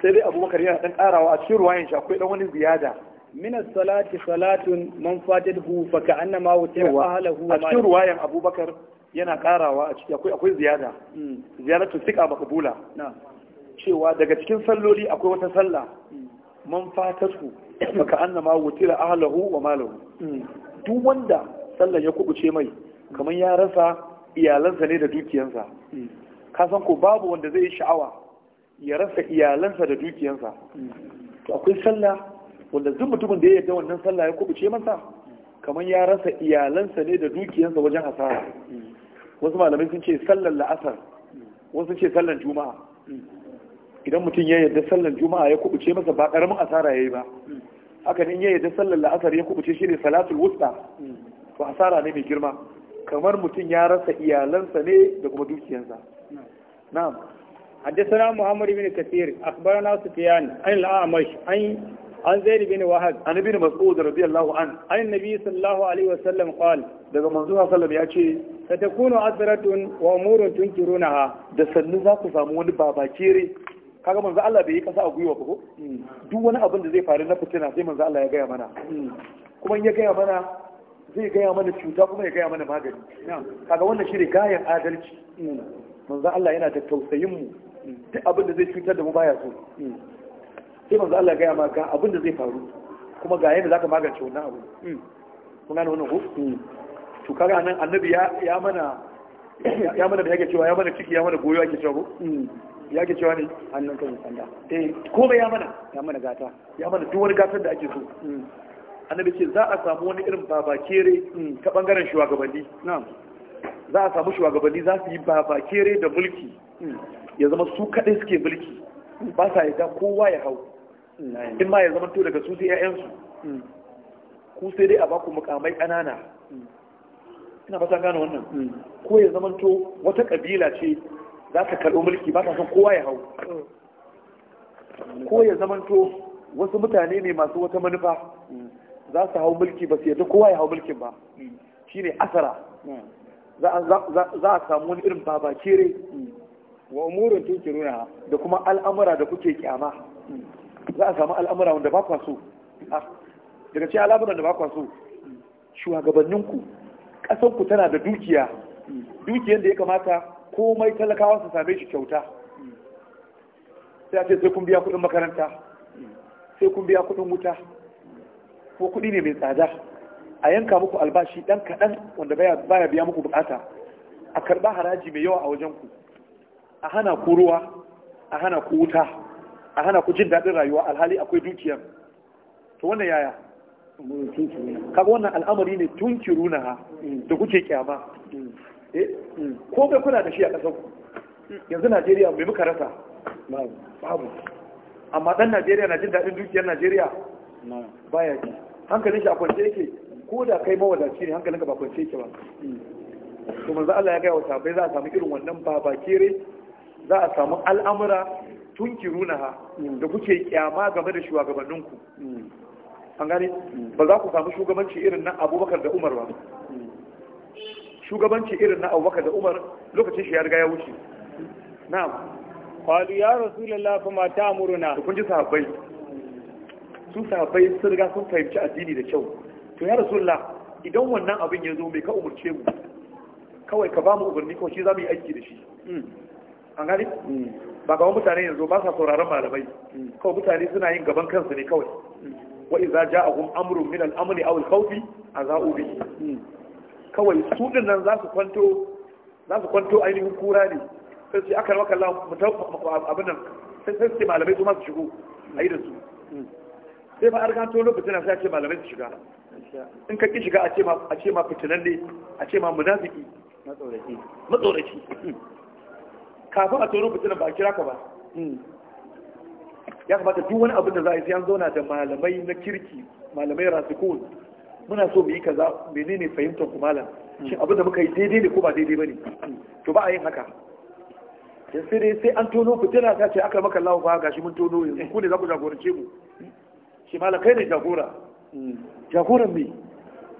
sai dai abubakar yana dan karawa a cikin ruwayan shi akwai dan wani ziyada min as-salati salatun man fatatuhu fa ka'annama wutiya ahlahu wa malahu a cikin ruwayan Abubakar yana karawa a ciki akwai akwai ziyada ziyaratu sika makbula cewa daga cikin salloli akwai wata sallah man fatatuhu fa ka'annama wutiya ahlahu wa malahu duk wanda sallar ya kubuce mai kamar ya rasa iyalansa ne da dukiyansa ka ko babu wanda zai yi sha'awa ya rasa iyalansa da dukiyansa to akwai sallah wanda duk mutumin da ya yarda wannan sallah ya kubuce masa kamar ya rasa iyalansa ne da dukiyansa wajen hasara wasu malamai sun ce sallar la'asar wasu ce sallar juma'a idan mutum ya yarda sallar juma'a ya kubuce masa ba karamin asara yi ba haka ne ya yarda sallar la'asar ya kubuce shi ne salatul wusta to asara ne mai girma kamar mutum ya rasa iyalansa ne da kuma dukiyansa na'am حدثنا محمد بن كثير أخبرنا سفيان عن الأعمش عن an zai zaid bin wahab an da mas'ud radiyallahu an an nabi sallallahu alaihi wasallam qal daga manzo Sallam ya ce satakunu azratun wa umurun ha. da sannu za ku samu wani babakire kaga manzo Allah bai yi kasa a gwiwa ko duk wani abin da zai faru na fitina sai manzo Allah ya gaya mana kuma in ya gaya mana zai gaya mana cuta kuma ya gaya mana magani kaga wannan shi ne gayan adalci manzo Allah yana da tausayin mu duk abin da zai cutar da mu baya so sai manzo Allah gaya ma ga abin da zai faru kuma ga yadda zaka magance wannan abu hmm. kuma gane wannan ko hmm. to kaga nan annabi ya ya mana ya mana da yake cewa ya mana ciki ya mana goyo yake cewa ko hmm. ya ke cewa ne hannun kan sanda eh komai ya mana ya mana gata ya mana duk wani gatar da ake so annabi ce za a samu wani irin babakere ta bangaren shugabanni na'am za a samu shugabanni za su yi babakere da mulki ya zama su kadai suke mulki ba sa yadda kowa ya hau in ma ya zama to daga su sai ƴaƴansu ku sai dai a baku mukamai ƙanana ina fata gane wannan ko ya zama to wata ƙabila ce za ta karɓo mulki ba ta son kowa ya hau ko ya zama to wasu mutane ne masu wata manufa za su hau mulki ba su yadda kowa ya hau mulkin ba shi ne asara za a samu wani irin babakere wa umurin tun da kuma al'amura da kuke kyama za a samu al'amura wanda ba kwa so daga cikin al'amuran da ba kwa shugabanninku ƙasanku tana da dukiya dukiyar da ya kamata komai talakawa su same shi kyauta sai a ce sai kun biya kuɗin makaranta sai kun biya kuɗin wuta ko kuɗi ne mai tsada a yanka muku albashi ɗan kaɗan wanda baya biya muku bukata a karɓa haraji mai yawa a wajenku a hana ku ruwa a hana ku wuta a hana ku jin daɗin rayuwa alhali akwai dukiyar to wannan yaya kaga wannan al'amari ne tunkiru na ha da kuke kyama eh? ko bai kuna da shi a ƙasar ku yanzu najeriya mai muka rasa babu amma ɗan najeriya na jin daɗin dukiyar najeriya baya ji hankalin shi a kwance yake ko da kai mawadaci ne hankalin ka ba kwance yake ba to manzo Allah ya gaya wa sahabbai za a samu irin wannan babakere za a samu al'amura ha mm. da kuke kyama game da shugabanninku mm. an gane mm. ba za ku samu shugabanci irin na abubakar da umar ba shugabanci irin na abubakar da umar lokacin shi ya riga ya wuce na'am kwalu ya rasu fa ma ta'muruna kun ji sahabbai su sahabbai sun riga sun fahimci addini da kyau to ya rasulullah idan wannan abin ya zo mai ka umarce mu kawai ka ba mu umarni kawai shi za mu yi aiki da shi an gane ba kawai mutane yanzu ba sa sauraron malamai kawai mutane suna yin gaban kansu ne kawai wa iza ja'ahum amrun min al-amri aw al-khawfi azau bihi kawai su din nan za su kwanto za su kwanto ainihin kura ne sai su aka maka Allah mutum abin nan sai sai su malamai su ma su shigo a yi da su sai ba argan to lokacin sai a ce malamai su shiga in ka ki shiga a ce ma a ce ma fitinan ne a ce ma munafiki matsoraci matsoraci kafin a tsoron fitina ba a kira ka ba hmm. ya kamata duk wani abin da za a yi sai an zauna da malamai na kirki malamai rasikun muna so mu yi kaza menene fahimtar ku malam hmm. shin abin da muka yi daidai ne ko ba daidai bane hmm. to ba a yin haka Ya sai dai sai an tono fitina ta ce aka maka lawa ba gashi mun tono yanzu ku ne za ku jagorance mu shi malam kai ne jagora jagoran me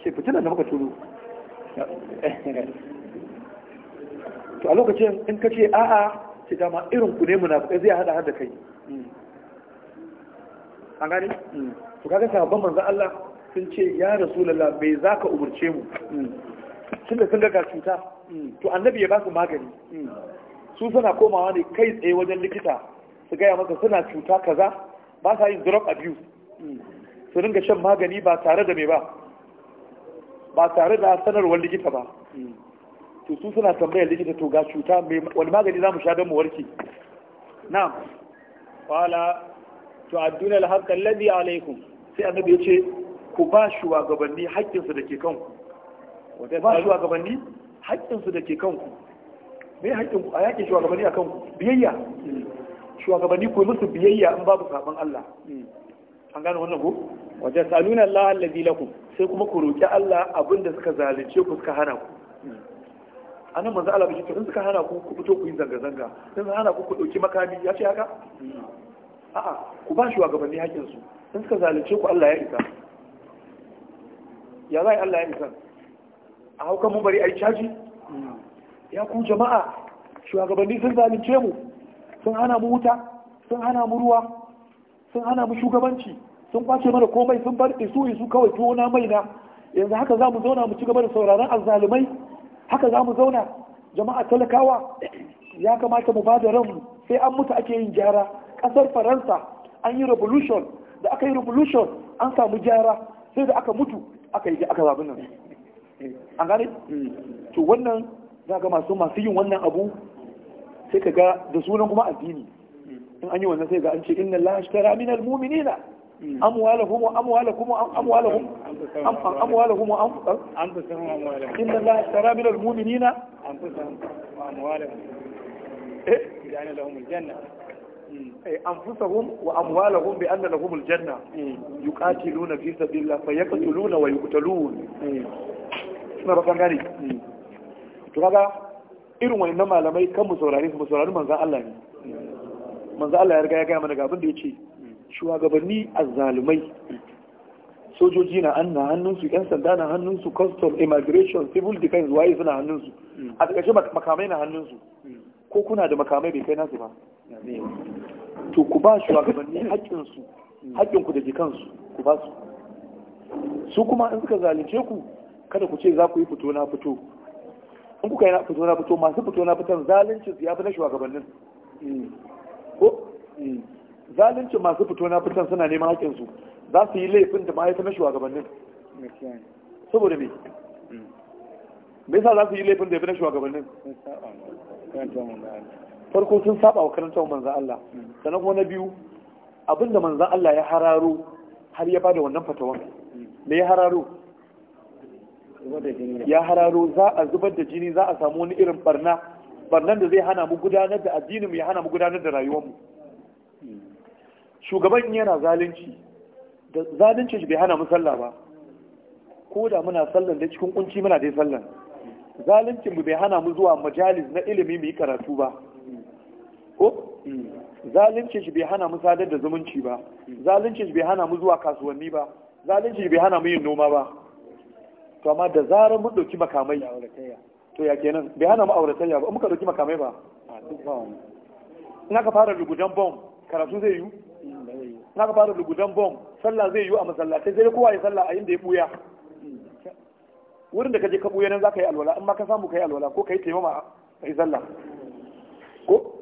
ce fitina da muka tono to a lokacin in ka ce a'a ce dama irin ku ne munafukai zai hada hada kai an gani to kaga sabon manzon Allah sun ce ya rasulullah me zaka umurce mu tun da sun ga cuta to annabi ya ba su magani su suna komawa ne kai tsaye wajen likita su gaya maka suna cuta kaza ba sa yin drug abuse su dinga shan magani ba tare da me ba ba tare da sanarwar likita ba to su suna tambayar likita to ga cuta wani magani za mu sha don mu warke na'am qala to al-haqqa alladhi alaykum sai annabi ya ce ku ba shugabanni haƙƙin su dake kanku wata ba shugabanni haƙƙin su dake kanku me haƙƙin ku a yaƙin shugabanni a kanku biyayya shugabanni ku musu biyayya in babu sabon Allah an gane wannan ko wajen saluna Allah alladhi lakum sai kuma ku roki Allah abinda suka zalunce ku suka hana ku a nan manzo Allah bai ce in suka hana ku ku fito ku yi zanga-zanga in suka hana ku ku ɗauki makami ya ce haka a'a ku ba shi wagabanni haƙƙin su in suka zalunce ku Allah ya isa ya za Allah ya isa a haukan mu bari a yi caji ya ku jama'a shugabanni sun zalunce mu sun hana mu wuta sun hana mu ruwa sun hana mu shugabanci sun kwace mana komai sun bar isu isu kawai tona mai na yanzu haka za mu zauna mu ci gaba da sauraron azzalumai haka za mu zauna jama'a talakawa ya kamata mu bada ranmu sai an mutu ake yin gyara ƙasar faransa an yi revolution da aka yi revolution an samu gyara sai da aka mutu aka yi aka zaɓi nan an gane to wannan za ga masu masu yin wannan abu sai ka ga da sunan kuma addini in an yi wannan sai ga an ce inna la minal mu'minina أموالهم وأموالكم وأموالهم أموالهم وأنفسهم إن الله اشترى من المؤمنين أنفسهم وأموالهم بأن لهم الجنة أنفسهم وأموالهم بأن لهم الجنة يقاتلون في سبيل الله فيقتلون ويقتلون na rafan gane to kaga irin wani na malamai kan mu saurare su mu saurari manzan Allah ne manzan Allah ya riga ya gaya mana ga abin da ya ce shugabanni azzalumai sojoji na an na hannunsu yan sanda na hannunsu custom immigration civil defense waye suna hannunsu a takashe makamai na hannunsu ko kuna da makamai bai kai nasu ba to ku ba shugabanni haƙƙinsu haƙƙinku da jikansu ku ba su su kuma in suka zalunce ku kada ku ce za ku yi fito na fito in kuka yi na fito na fito masu fito na fitan zaluncin su ya fi na shugabannin ko zalunci masu fito na fitan suna neman su za su yi laifin da ma'aikata na shugabannin saboda me mm. me yasa za su yi laifin da ya fi na shugabannin farko sun saba wa karantar manzan Allah mm. sannan kuma na biyu abinda manzan Allah ya hararo har ya bada wannan fatawan mm. me ya hararo ya hararo za a zubar da jini za a samu wani irin barna barnan da zai hana mu gudanar da addinin mu ya hana mu gudanar da rayuwar mu shugaban yana zalunci da zalunci shi bai hana mu sallah ba ko da muna sallan da cikin kunci muna dai sallan zalunci mu bai hana mu zuwa majalis na ilimi mu yi karatu ba ko zalunci shi bai hana mu sadar da zumunci ba zalunci shi bai hana mu zuwa kasuwanni ba zalunci shi bai hana mu yin noma ba to amma da zarar mun dauki makamai to ya kenan bai hana mu auratayya ba muka dauki makamai ba in aka fara rugudan bom karatu zai yi na ka fara lugudan bom sallah zai yi a masallatai sai kowa ya sallah a inda ya buya wurin da ka je ka buya nan za ka yi alwala amma ka samu ka yi alwala ko ka yi taimama a yi sallah ko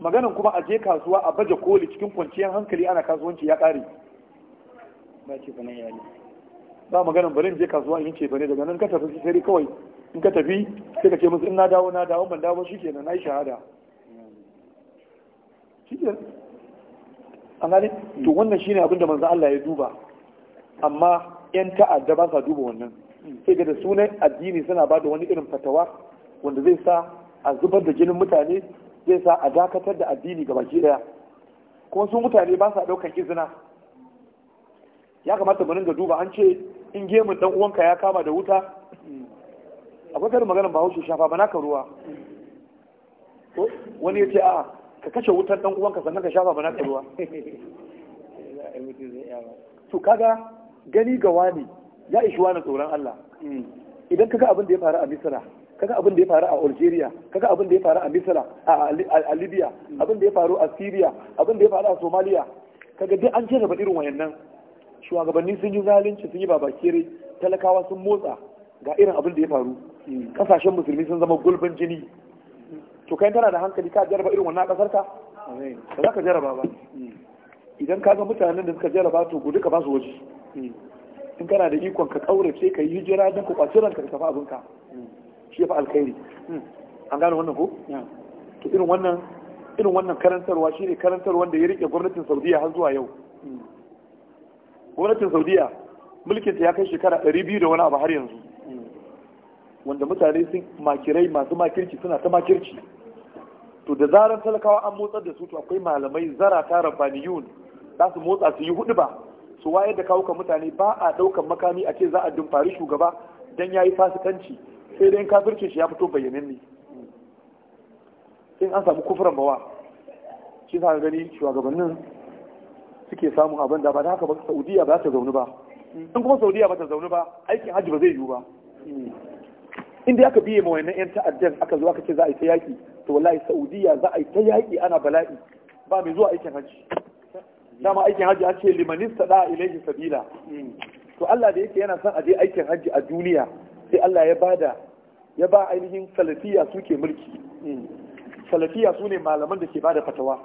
maganan kuma a je kasuwa a baje koli cikin kwanciyar hankali ana kasuwanci ya ƙare ba ce bane ya ba maganan bari in je kasuwa in ce bane daga nan ka tafi sai kawai in ka tafi sai ka ce musu in na dawo na dawo ban dawo shi kenan na yi shahada shi an gani? to hmm. wannan shine abin da manzo Allah ya duba amma yan ta'adda ba sa duba wannan hmm. sai ga da sunan addini suna ba da wani irin fatawa wanda zai sa a zubar da jinin mutane zai sa a dakatar da addini ga baki daya kuma su mutane ba sa daukan izina ya kamata mu ringa duba an ce in gemun dan uwanka ya kama da wuta hmm. akwai karin ba hausa shafa ba naka ruwa wani ya ce a ka kashe wutar dan uwanka sannan ka shafa mana ka ruwa to kaga gani ga wani ya ishi wani tsoron Allah idan kaga abin da ya faru a Misra kaga abin da ya faru a Algeria kaga abin da ya faru a Misra a Libya abin da ya faru a Syria abin da ya faru a Somalia kaga dai an da irin wayannan shugabanni sun yi zalunci sun yi babakere talakawa sun motsa ga irin abin da ya faru hmm. kasashen musulmi sun zama gulbin jini to kai tana da hankali ka jarraba irin wannan kasar ka ba za ka jarraba ba idan ka ga mutanen da suka jarraba to gudu ka ba su waje in kana da ikon ka kaurace ka yi hijira don ka kwaci ranka ka tafi abin ka shi ya fa alkhairi an gane wannan ko to irin wannan irin wannan karantarwa shine karantarwa wanda ya rike gwamnatin Saudiya har zuwa yau gwamnatin Saudiya mulkin ta ya kai shekara 200 da wani abu har yanzu wanda mutane sun makirai masu makirci suna ta makirci to da zarar talakawa an motsar da su to akwai malamai zara zarata rabbaniyun za su motsa su yi hudu ba su wayar da kawukan mutane ba a daukan makami a ce za a dumfari shugaba dan yayi fasikanci sai dai kafircin shi ya fito bayanan ne in an samu kufuran bawa shi za gani shugabannin suke samun abin da ba da haka ba saudiya ba ta zaune ba in kuma saudiya ba ta zaune ba aikin hajji ba zai yiwu ba inda aka biye ma wayannan yan ta'addan aka zo aka ce za a yi ta yaƙi to wallahi saudiya za a yi ta yaƙi ana bala'i ba mai zuwa aikin hajji dama aikin hajji an ce limanista da ilaihi sabila to Allah da yake yana son a je aikin hajji a duniya sai Allah ya bada ya ba ainihin salafiya suke mulki salafiya su ne malaman da ke bada fatawa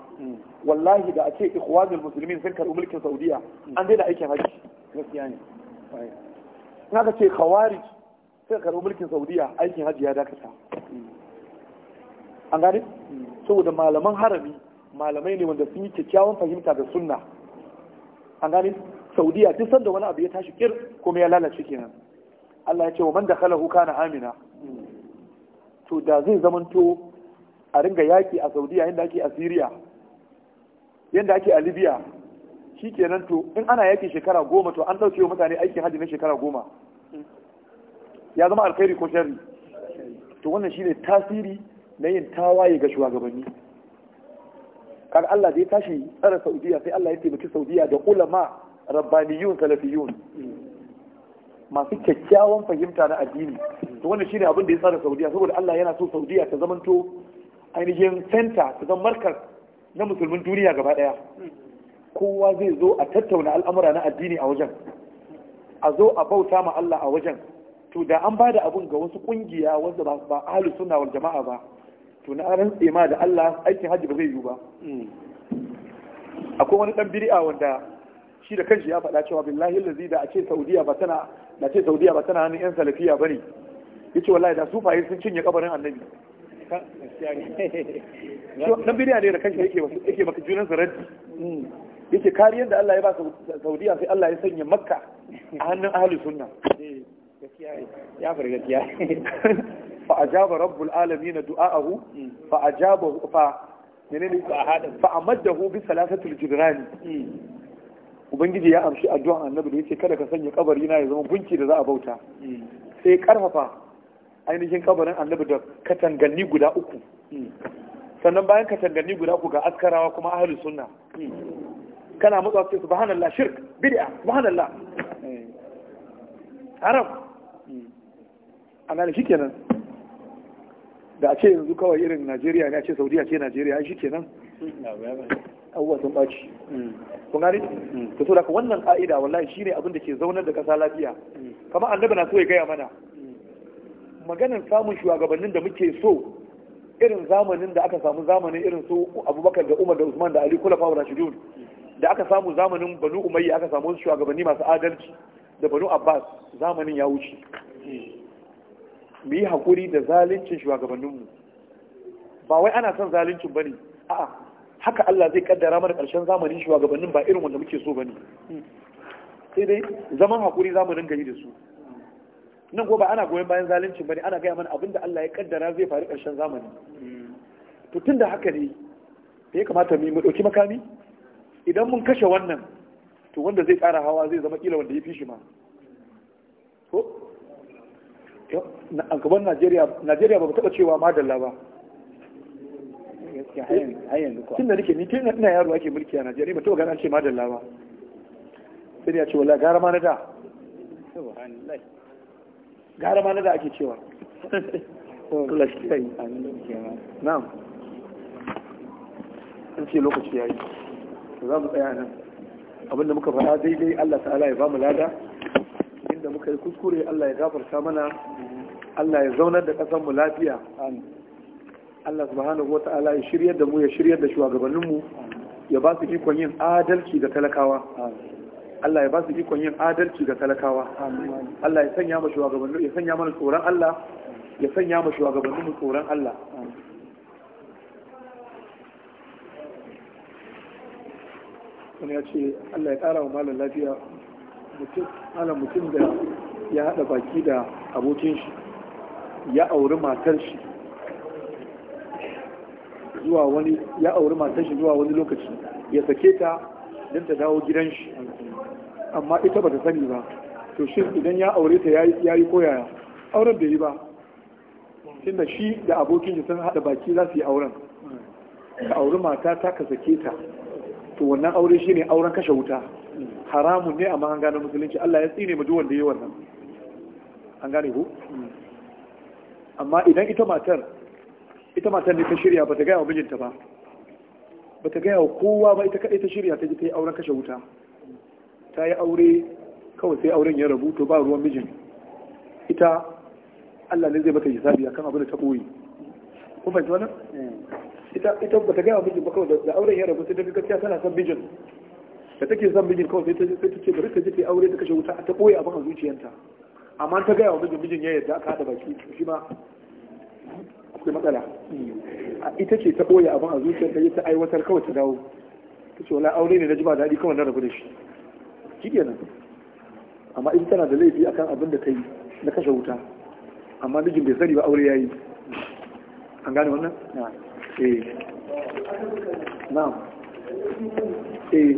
wallahi da a ce ikhwanul muslimin sun karɓi mulkin saudiya an daina aikin hajji gaskiya ne haka ce khawarij sai karo mulkin saudiya aikin hajji ya dakata an gani saboda malaman harami malamai ne wanda sun yi kyakkyawan fahimta da sunna an gani saudiya duk sanda wani abu ya tashi kir kuma ya lalace kenan Allah ya ce wa man dakhalahu kana amina to da zai zamanto a ringa yaki a saudiya yadda ake a syria yadda ake a libya shi kenan to in ana yaki shekara goma to an ɗauke wa mutane aikin hajji na shekara goma ya zama alkhairi ko shari to wannan shine tasiri na yin tawaye ga shugabanni kaga Allah da ya tashi tsara Saudiya sai Allah ya taimaki Saudiya da ulama rabbaniyun salafiyun masu kyakkyawan fahimta na addini to wannan shine abin da ya tsara Saudiya saboda Allah yana so Saudiya ta zamanto ainihin center ta zama markar na musulmin duniya gaba daya kowa zai zo a tattauna al'amura na addini a wajen a zo a bauta ma Allah a wajen to da an bada abun ga wasu kungiya wanda ba ba ahlus sunna wal jama'a ba to na ran tsima da Allah aikin hajji ba zai yiwu ba hmm. akwai wani dan bid'a wanda shi da kanshi ya faɗa cewa billahi allazi da a ce saudiya ba tana da ce saudiya ba tana hannun yan salafiya bane yace wallahi da sufaye sun cinye kabarin annabi dan bidiya ne da kanshi yake yake maka junan zaraddi hmm. yake kariyar da Allah ya ba Saudiya sai Allah ya sanya Makka a hannun ahlus sunna eh. ya farga ya fa ajaba rabbul alamin du'a'ahu fa ajaba fa menene fa hada fa amaddahu bi salasatul jidrani ubangiji ya amshi addu'an annabi da yace kada ka sanya kabari na ya zama gunki da za a bauta sai karfafa ainihin kabarin annabi da katanganni guda uku sannan bayan katanganni guda uku ga askarawa kuma ahli sunna kana matsa su subhanallah shirk bid'a subhanallah haram Ana da shi kenan da a ce yanzu kawai irin najeriya ne a ce saudiya ce najeriya shi kenan abubuwa sun ɓaci kun gani ta so daga wannan ƙa'ida wallahi ne abin da ke zaunar da ƙasa lafiya kamar annabi na so ya gaya mana maganin samun shugabannin da muke so irin zamanin da aka samu zamanin irin su abubakar da umar da usman da ali kulafa rashidun da aka samu zamanin banu umayya aka samu shugabanni masu adalci da banu abbas zamanin ya wuce mu yi hakuri da zaluncin shugabanninmu ba wai ana son zaluncin ba ne a'a haka Allah zai kaddara mana ƙarshen zamanin shugabannin ba irin wanda muke so ba ne sai dai zaman hakuri haƙuri ringa yi da su nan ko ba ana goyon bayan zaluncin ba ne ana gaya mana abinda Allah ya kaddara zai faru ƙarshen zamani to tun da haka ne ya kamata mu ɗauki makami idan mun kashe wannan to wanda zai ƙara hawa zai zama kila wanda ya fi shi ma a gaban najeriya najeriya ba mu taɓa cewa madalla ba tun da nake ni tun ina yaro ake mulki a najeriya ba taɓa gana ce madalla ba sai ya ce wala gara ma na da gara ma na da ake cewa na'am an ce lokaci ya yi za mu tsaya nan abinda muka faɗa daidai allah ta'ala ya ba mu lada da muka yi kuskure Allah ya gafarta mana Allah ya zaunar da ƙasar mu lafiya Allah subhanahu wa ta'ala ya shiryar da mu ya shiryar da shugabanninmu ya ba su ikon yin adalci ga talakawa Allah ya ba su ikon yin adalci ga talakawa Allah ya sanya mu shugabannin ya sanya mana tsoron Allah ya sanya mu shugabannin mu tsoron Allah wani ya ce Allah ya ƙara wa malam lafiya mutum da ya haɗa baki da abokin shi ya auri matar shi zuwa wani ya auri matar shi zuwa wani lokaci ya sake ta don ta dawo gidan shi amma ita ba ta sani ba to shi idan ya aure ta ya yi koyaya auren bai yi ba tunda shi da abokin shi sun haɗa baki za su yi auren ka auri mata ta ka sake ta to wannan aure shi ne auren kashe wuta haramun ne amma an gane musulunci Allah ya tsine mu wanda ya wannan an gane ku amma idan ita matar ita matar ne ta shirya ba ta gaya wa mijinta ba ba ta gaya wa kowa ba ita kaɗai ta shirya ta ji ta yi auren kashe wuta ta yi aure kawai sai auren ya rabu to ba ruwan mijin ita Allah ne zai mata hisabi akan abin da ta koyi kun fahimci wannan eh. ita ita ba ta gaya wa mijin ba kawai da auren ya rabu sai ta gaskiya tana son mijin da take son mijin kawai sai ta ce bari ta je ta aure ta kashe wuta ta boye abin a zuciyarta amma ta gaya wa mijin mijin ya yarda aka hada baki shi ma akwai matsala ita ce ta boye abin a zuciyarta ta aiwatar kawai ta dawo ta ce wala aure ne na jima daɗi kawai na rabu da shi shi kenan amma in tana da laifi akan abin da ta yi na kashe wuta amma mijin bai sani ba aure ya yi an gane wannan? na'am eh, eh.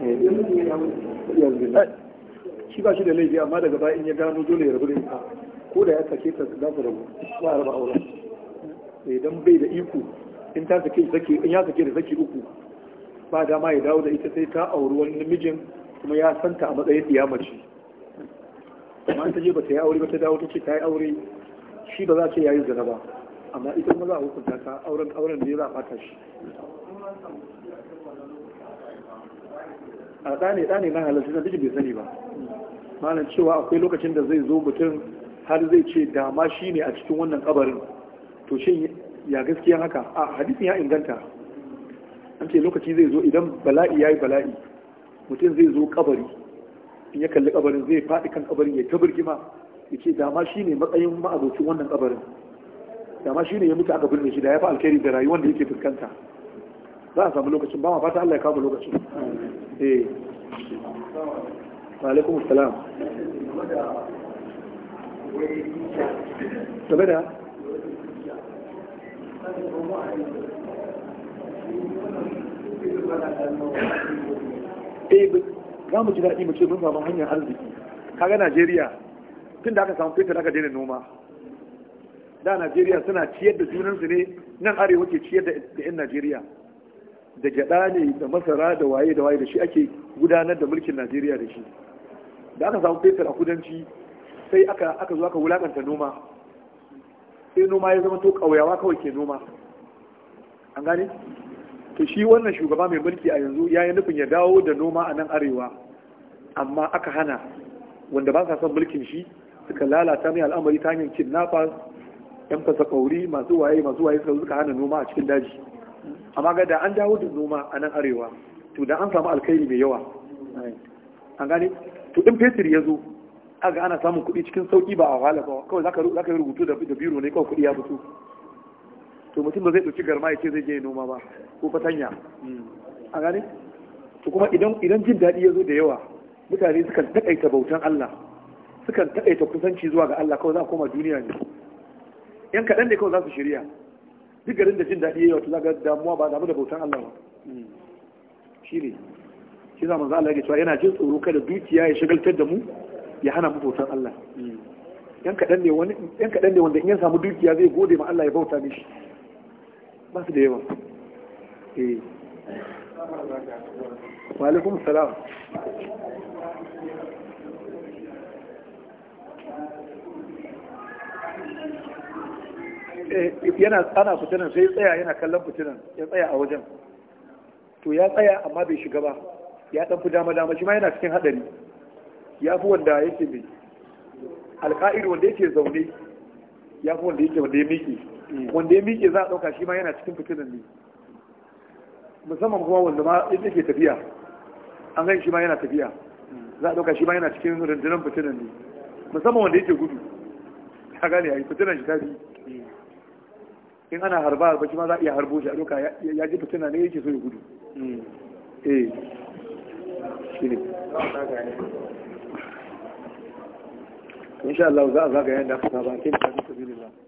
Eh, shi ba shi da laifi amma daga bayan ya gano dole ya rabu da ita ko da ya sake ta za su rabu ba raba auren idan eh, bai da iko in ta sake zaki in ya sake da zaki uku ba dama ya dawo da ita sai ta auri wani namijin kuma ya santa a matsayin mace amma ta je ba ta yi aure ba ta dawo ta ce ta yi aure shi ba za ce ya yi zina ba amma ita kuma za a hukunta ta auren auren da ya za a fata shi a ɗane ɗane na halarci na bai sani ba malam cewa akwai lokacin da zai zo mutum har zai ce dama shi ne a cikin wannan kabarin to shin ya gaskiya haka a hadisin ya inganta an ce lokaci zai zo idan bala'i ya yi bala'i mutum zai zo kabari in ya kalli kabarin zai faɗi kan kabarin ya ta birgima ya ce dama shi ne matsayin ma'abocin wannan kabarin dama shi ne ya mutu aka birne shi da ya fi alkhairi da rayuwar da yake fuskanta za a samu lokacin ba ma fata Allah ya kawo lokacin eh alaikum assalam game da eh, za mu ji daɗi mu ce mun samu hanyar arziki kaga Najeriya tun da aka samu fetur aka daina noma da Najeriya suna ciyar da junansu ne nan arewa ke ciyar da 'yan Najeriya da gyada ne da masara da waye da waye da shi ake gudanar da mulkin najeriya da shi da aka samu fetur a kudanci sai aka aka zo aka wulakanta noma sai noma ya zama to ƙauyawa kawai ke noma an gane to shi wannan shugaba mai mulki a yanzu ya yi nufin ya dawo da noma a nan arewa amma aka hana wanda ba sa son mulkin shi suka lalata mai al'amari ta hanyar kidnappers yan fasa kauri masu waye masu waye suka hana noma a cikin daji amma ga da an dawo da noma a nan arewa to da an samu alkhairi mai yawa an gane to in fetur ya zo aga ana samun kuɗi cikin sauƙi ba a wahala ba kawai za ka yi rubutu da biro ne kawai kuɗi ya fito to mutum ba zai ɗauki garma ya ce zai je noma ba ko fatanya a gane to kuma idan jin daɗi ya zo da yawa mutane sukan taƙaita bautan Allah sukan taƙaita kusanci zuwa ga Allah kawai za a koma duniya ne yan kaɗan ne kawai za su shirya duk garin da jin daɗi yau wato zaka damuwa ba damu da bautan Allah ba shi ne shi za mu za Allah ya cewa yana jin tsoro kada dukiya ya shagaltar da mu ya hana mu bautan Allah yan kaɗan ne wani yan kaɗan ne wanda in ya samu dukiya zai gode ma Allah ya bauta mishi ba su da yawa eh wa alaikum salam Eh, yana tsana fitinan sai tsaya yana kallon fitinan ya tsaya a wajen to ya tsaya amma bai shiga ba ya dan fi dama dama shi ma yana cikin hadari ya fi wanda yake mai alka'id wanda yake zaune ya fi wanda yake wanda ya miƙe mm. wanda ya miƙe za a ɗauka shi ma yana cikin fitinan ne musamman kuma wanda ma ke tafiya an gani shi ma yana tafiya mm. za a ɗauka shi ma yana cikin rundunar fitinan ne musamman wanda yake gudu ka gane a yi fitinan shi ta biyu in ana harba harba shi ma za a iya harbo shi a doka ya ji fitina ne yake so ya gudu eh shine insha Allah za a zagaya da aka saba kin ta sabilillah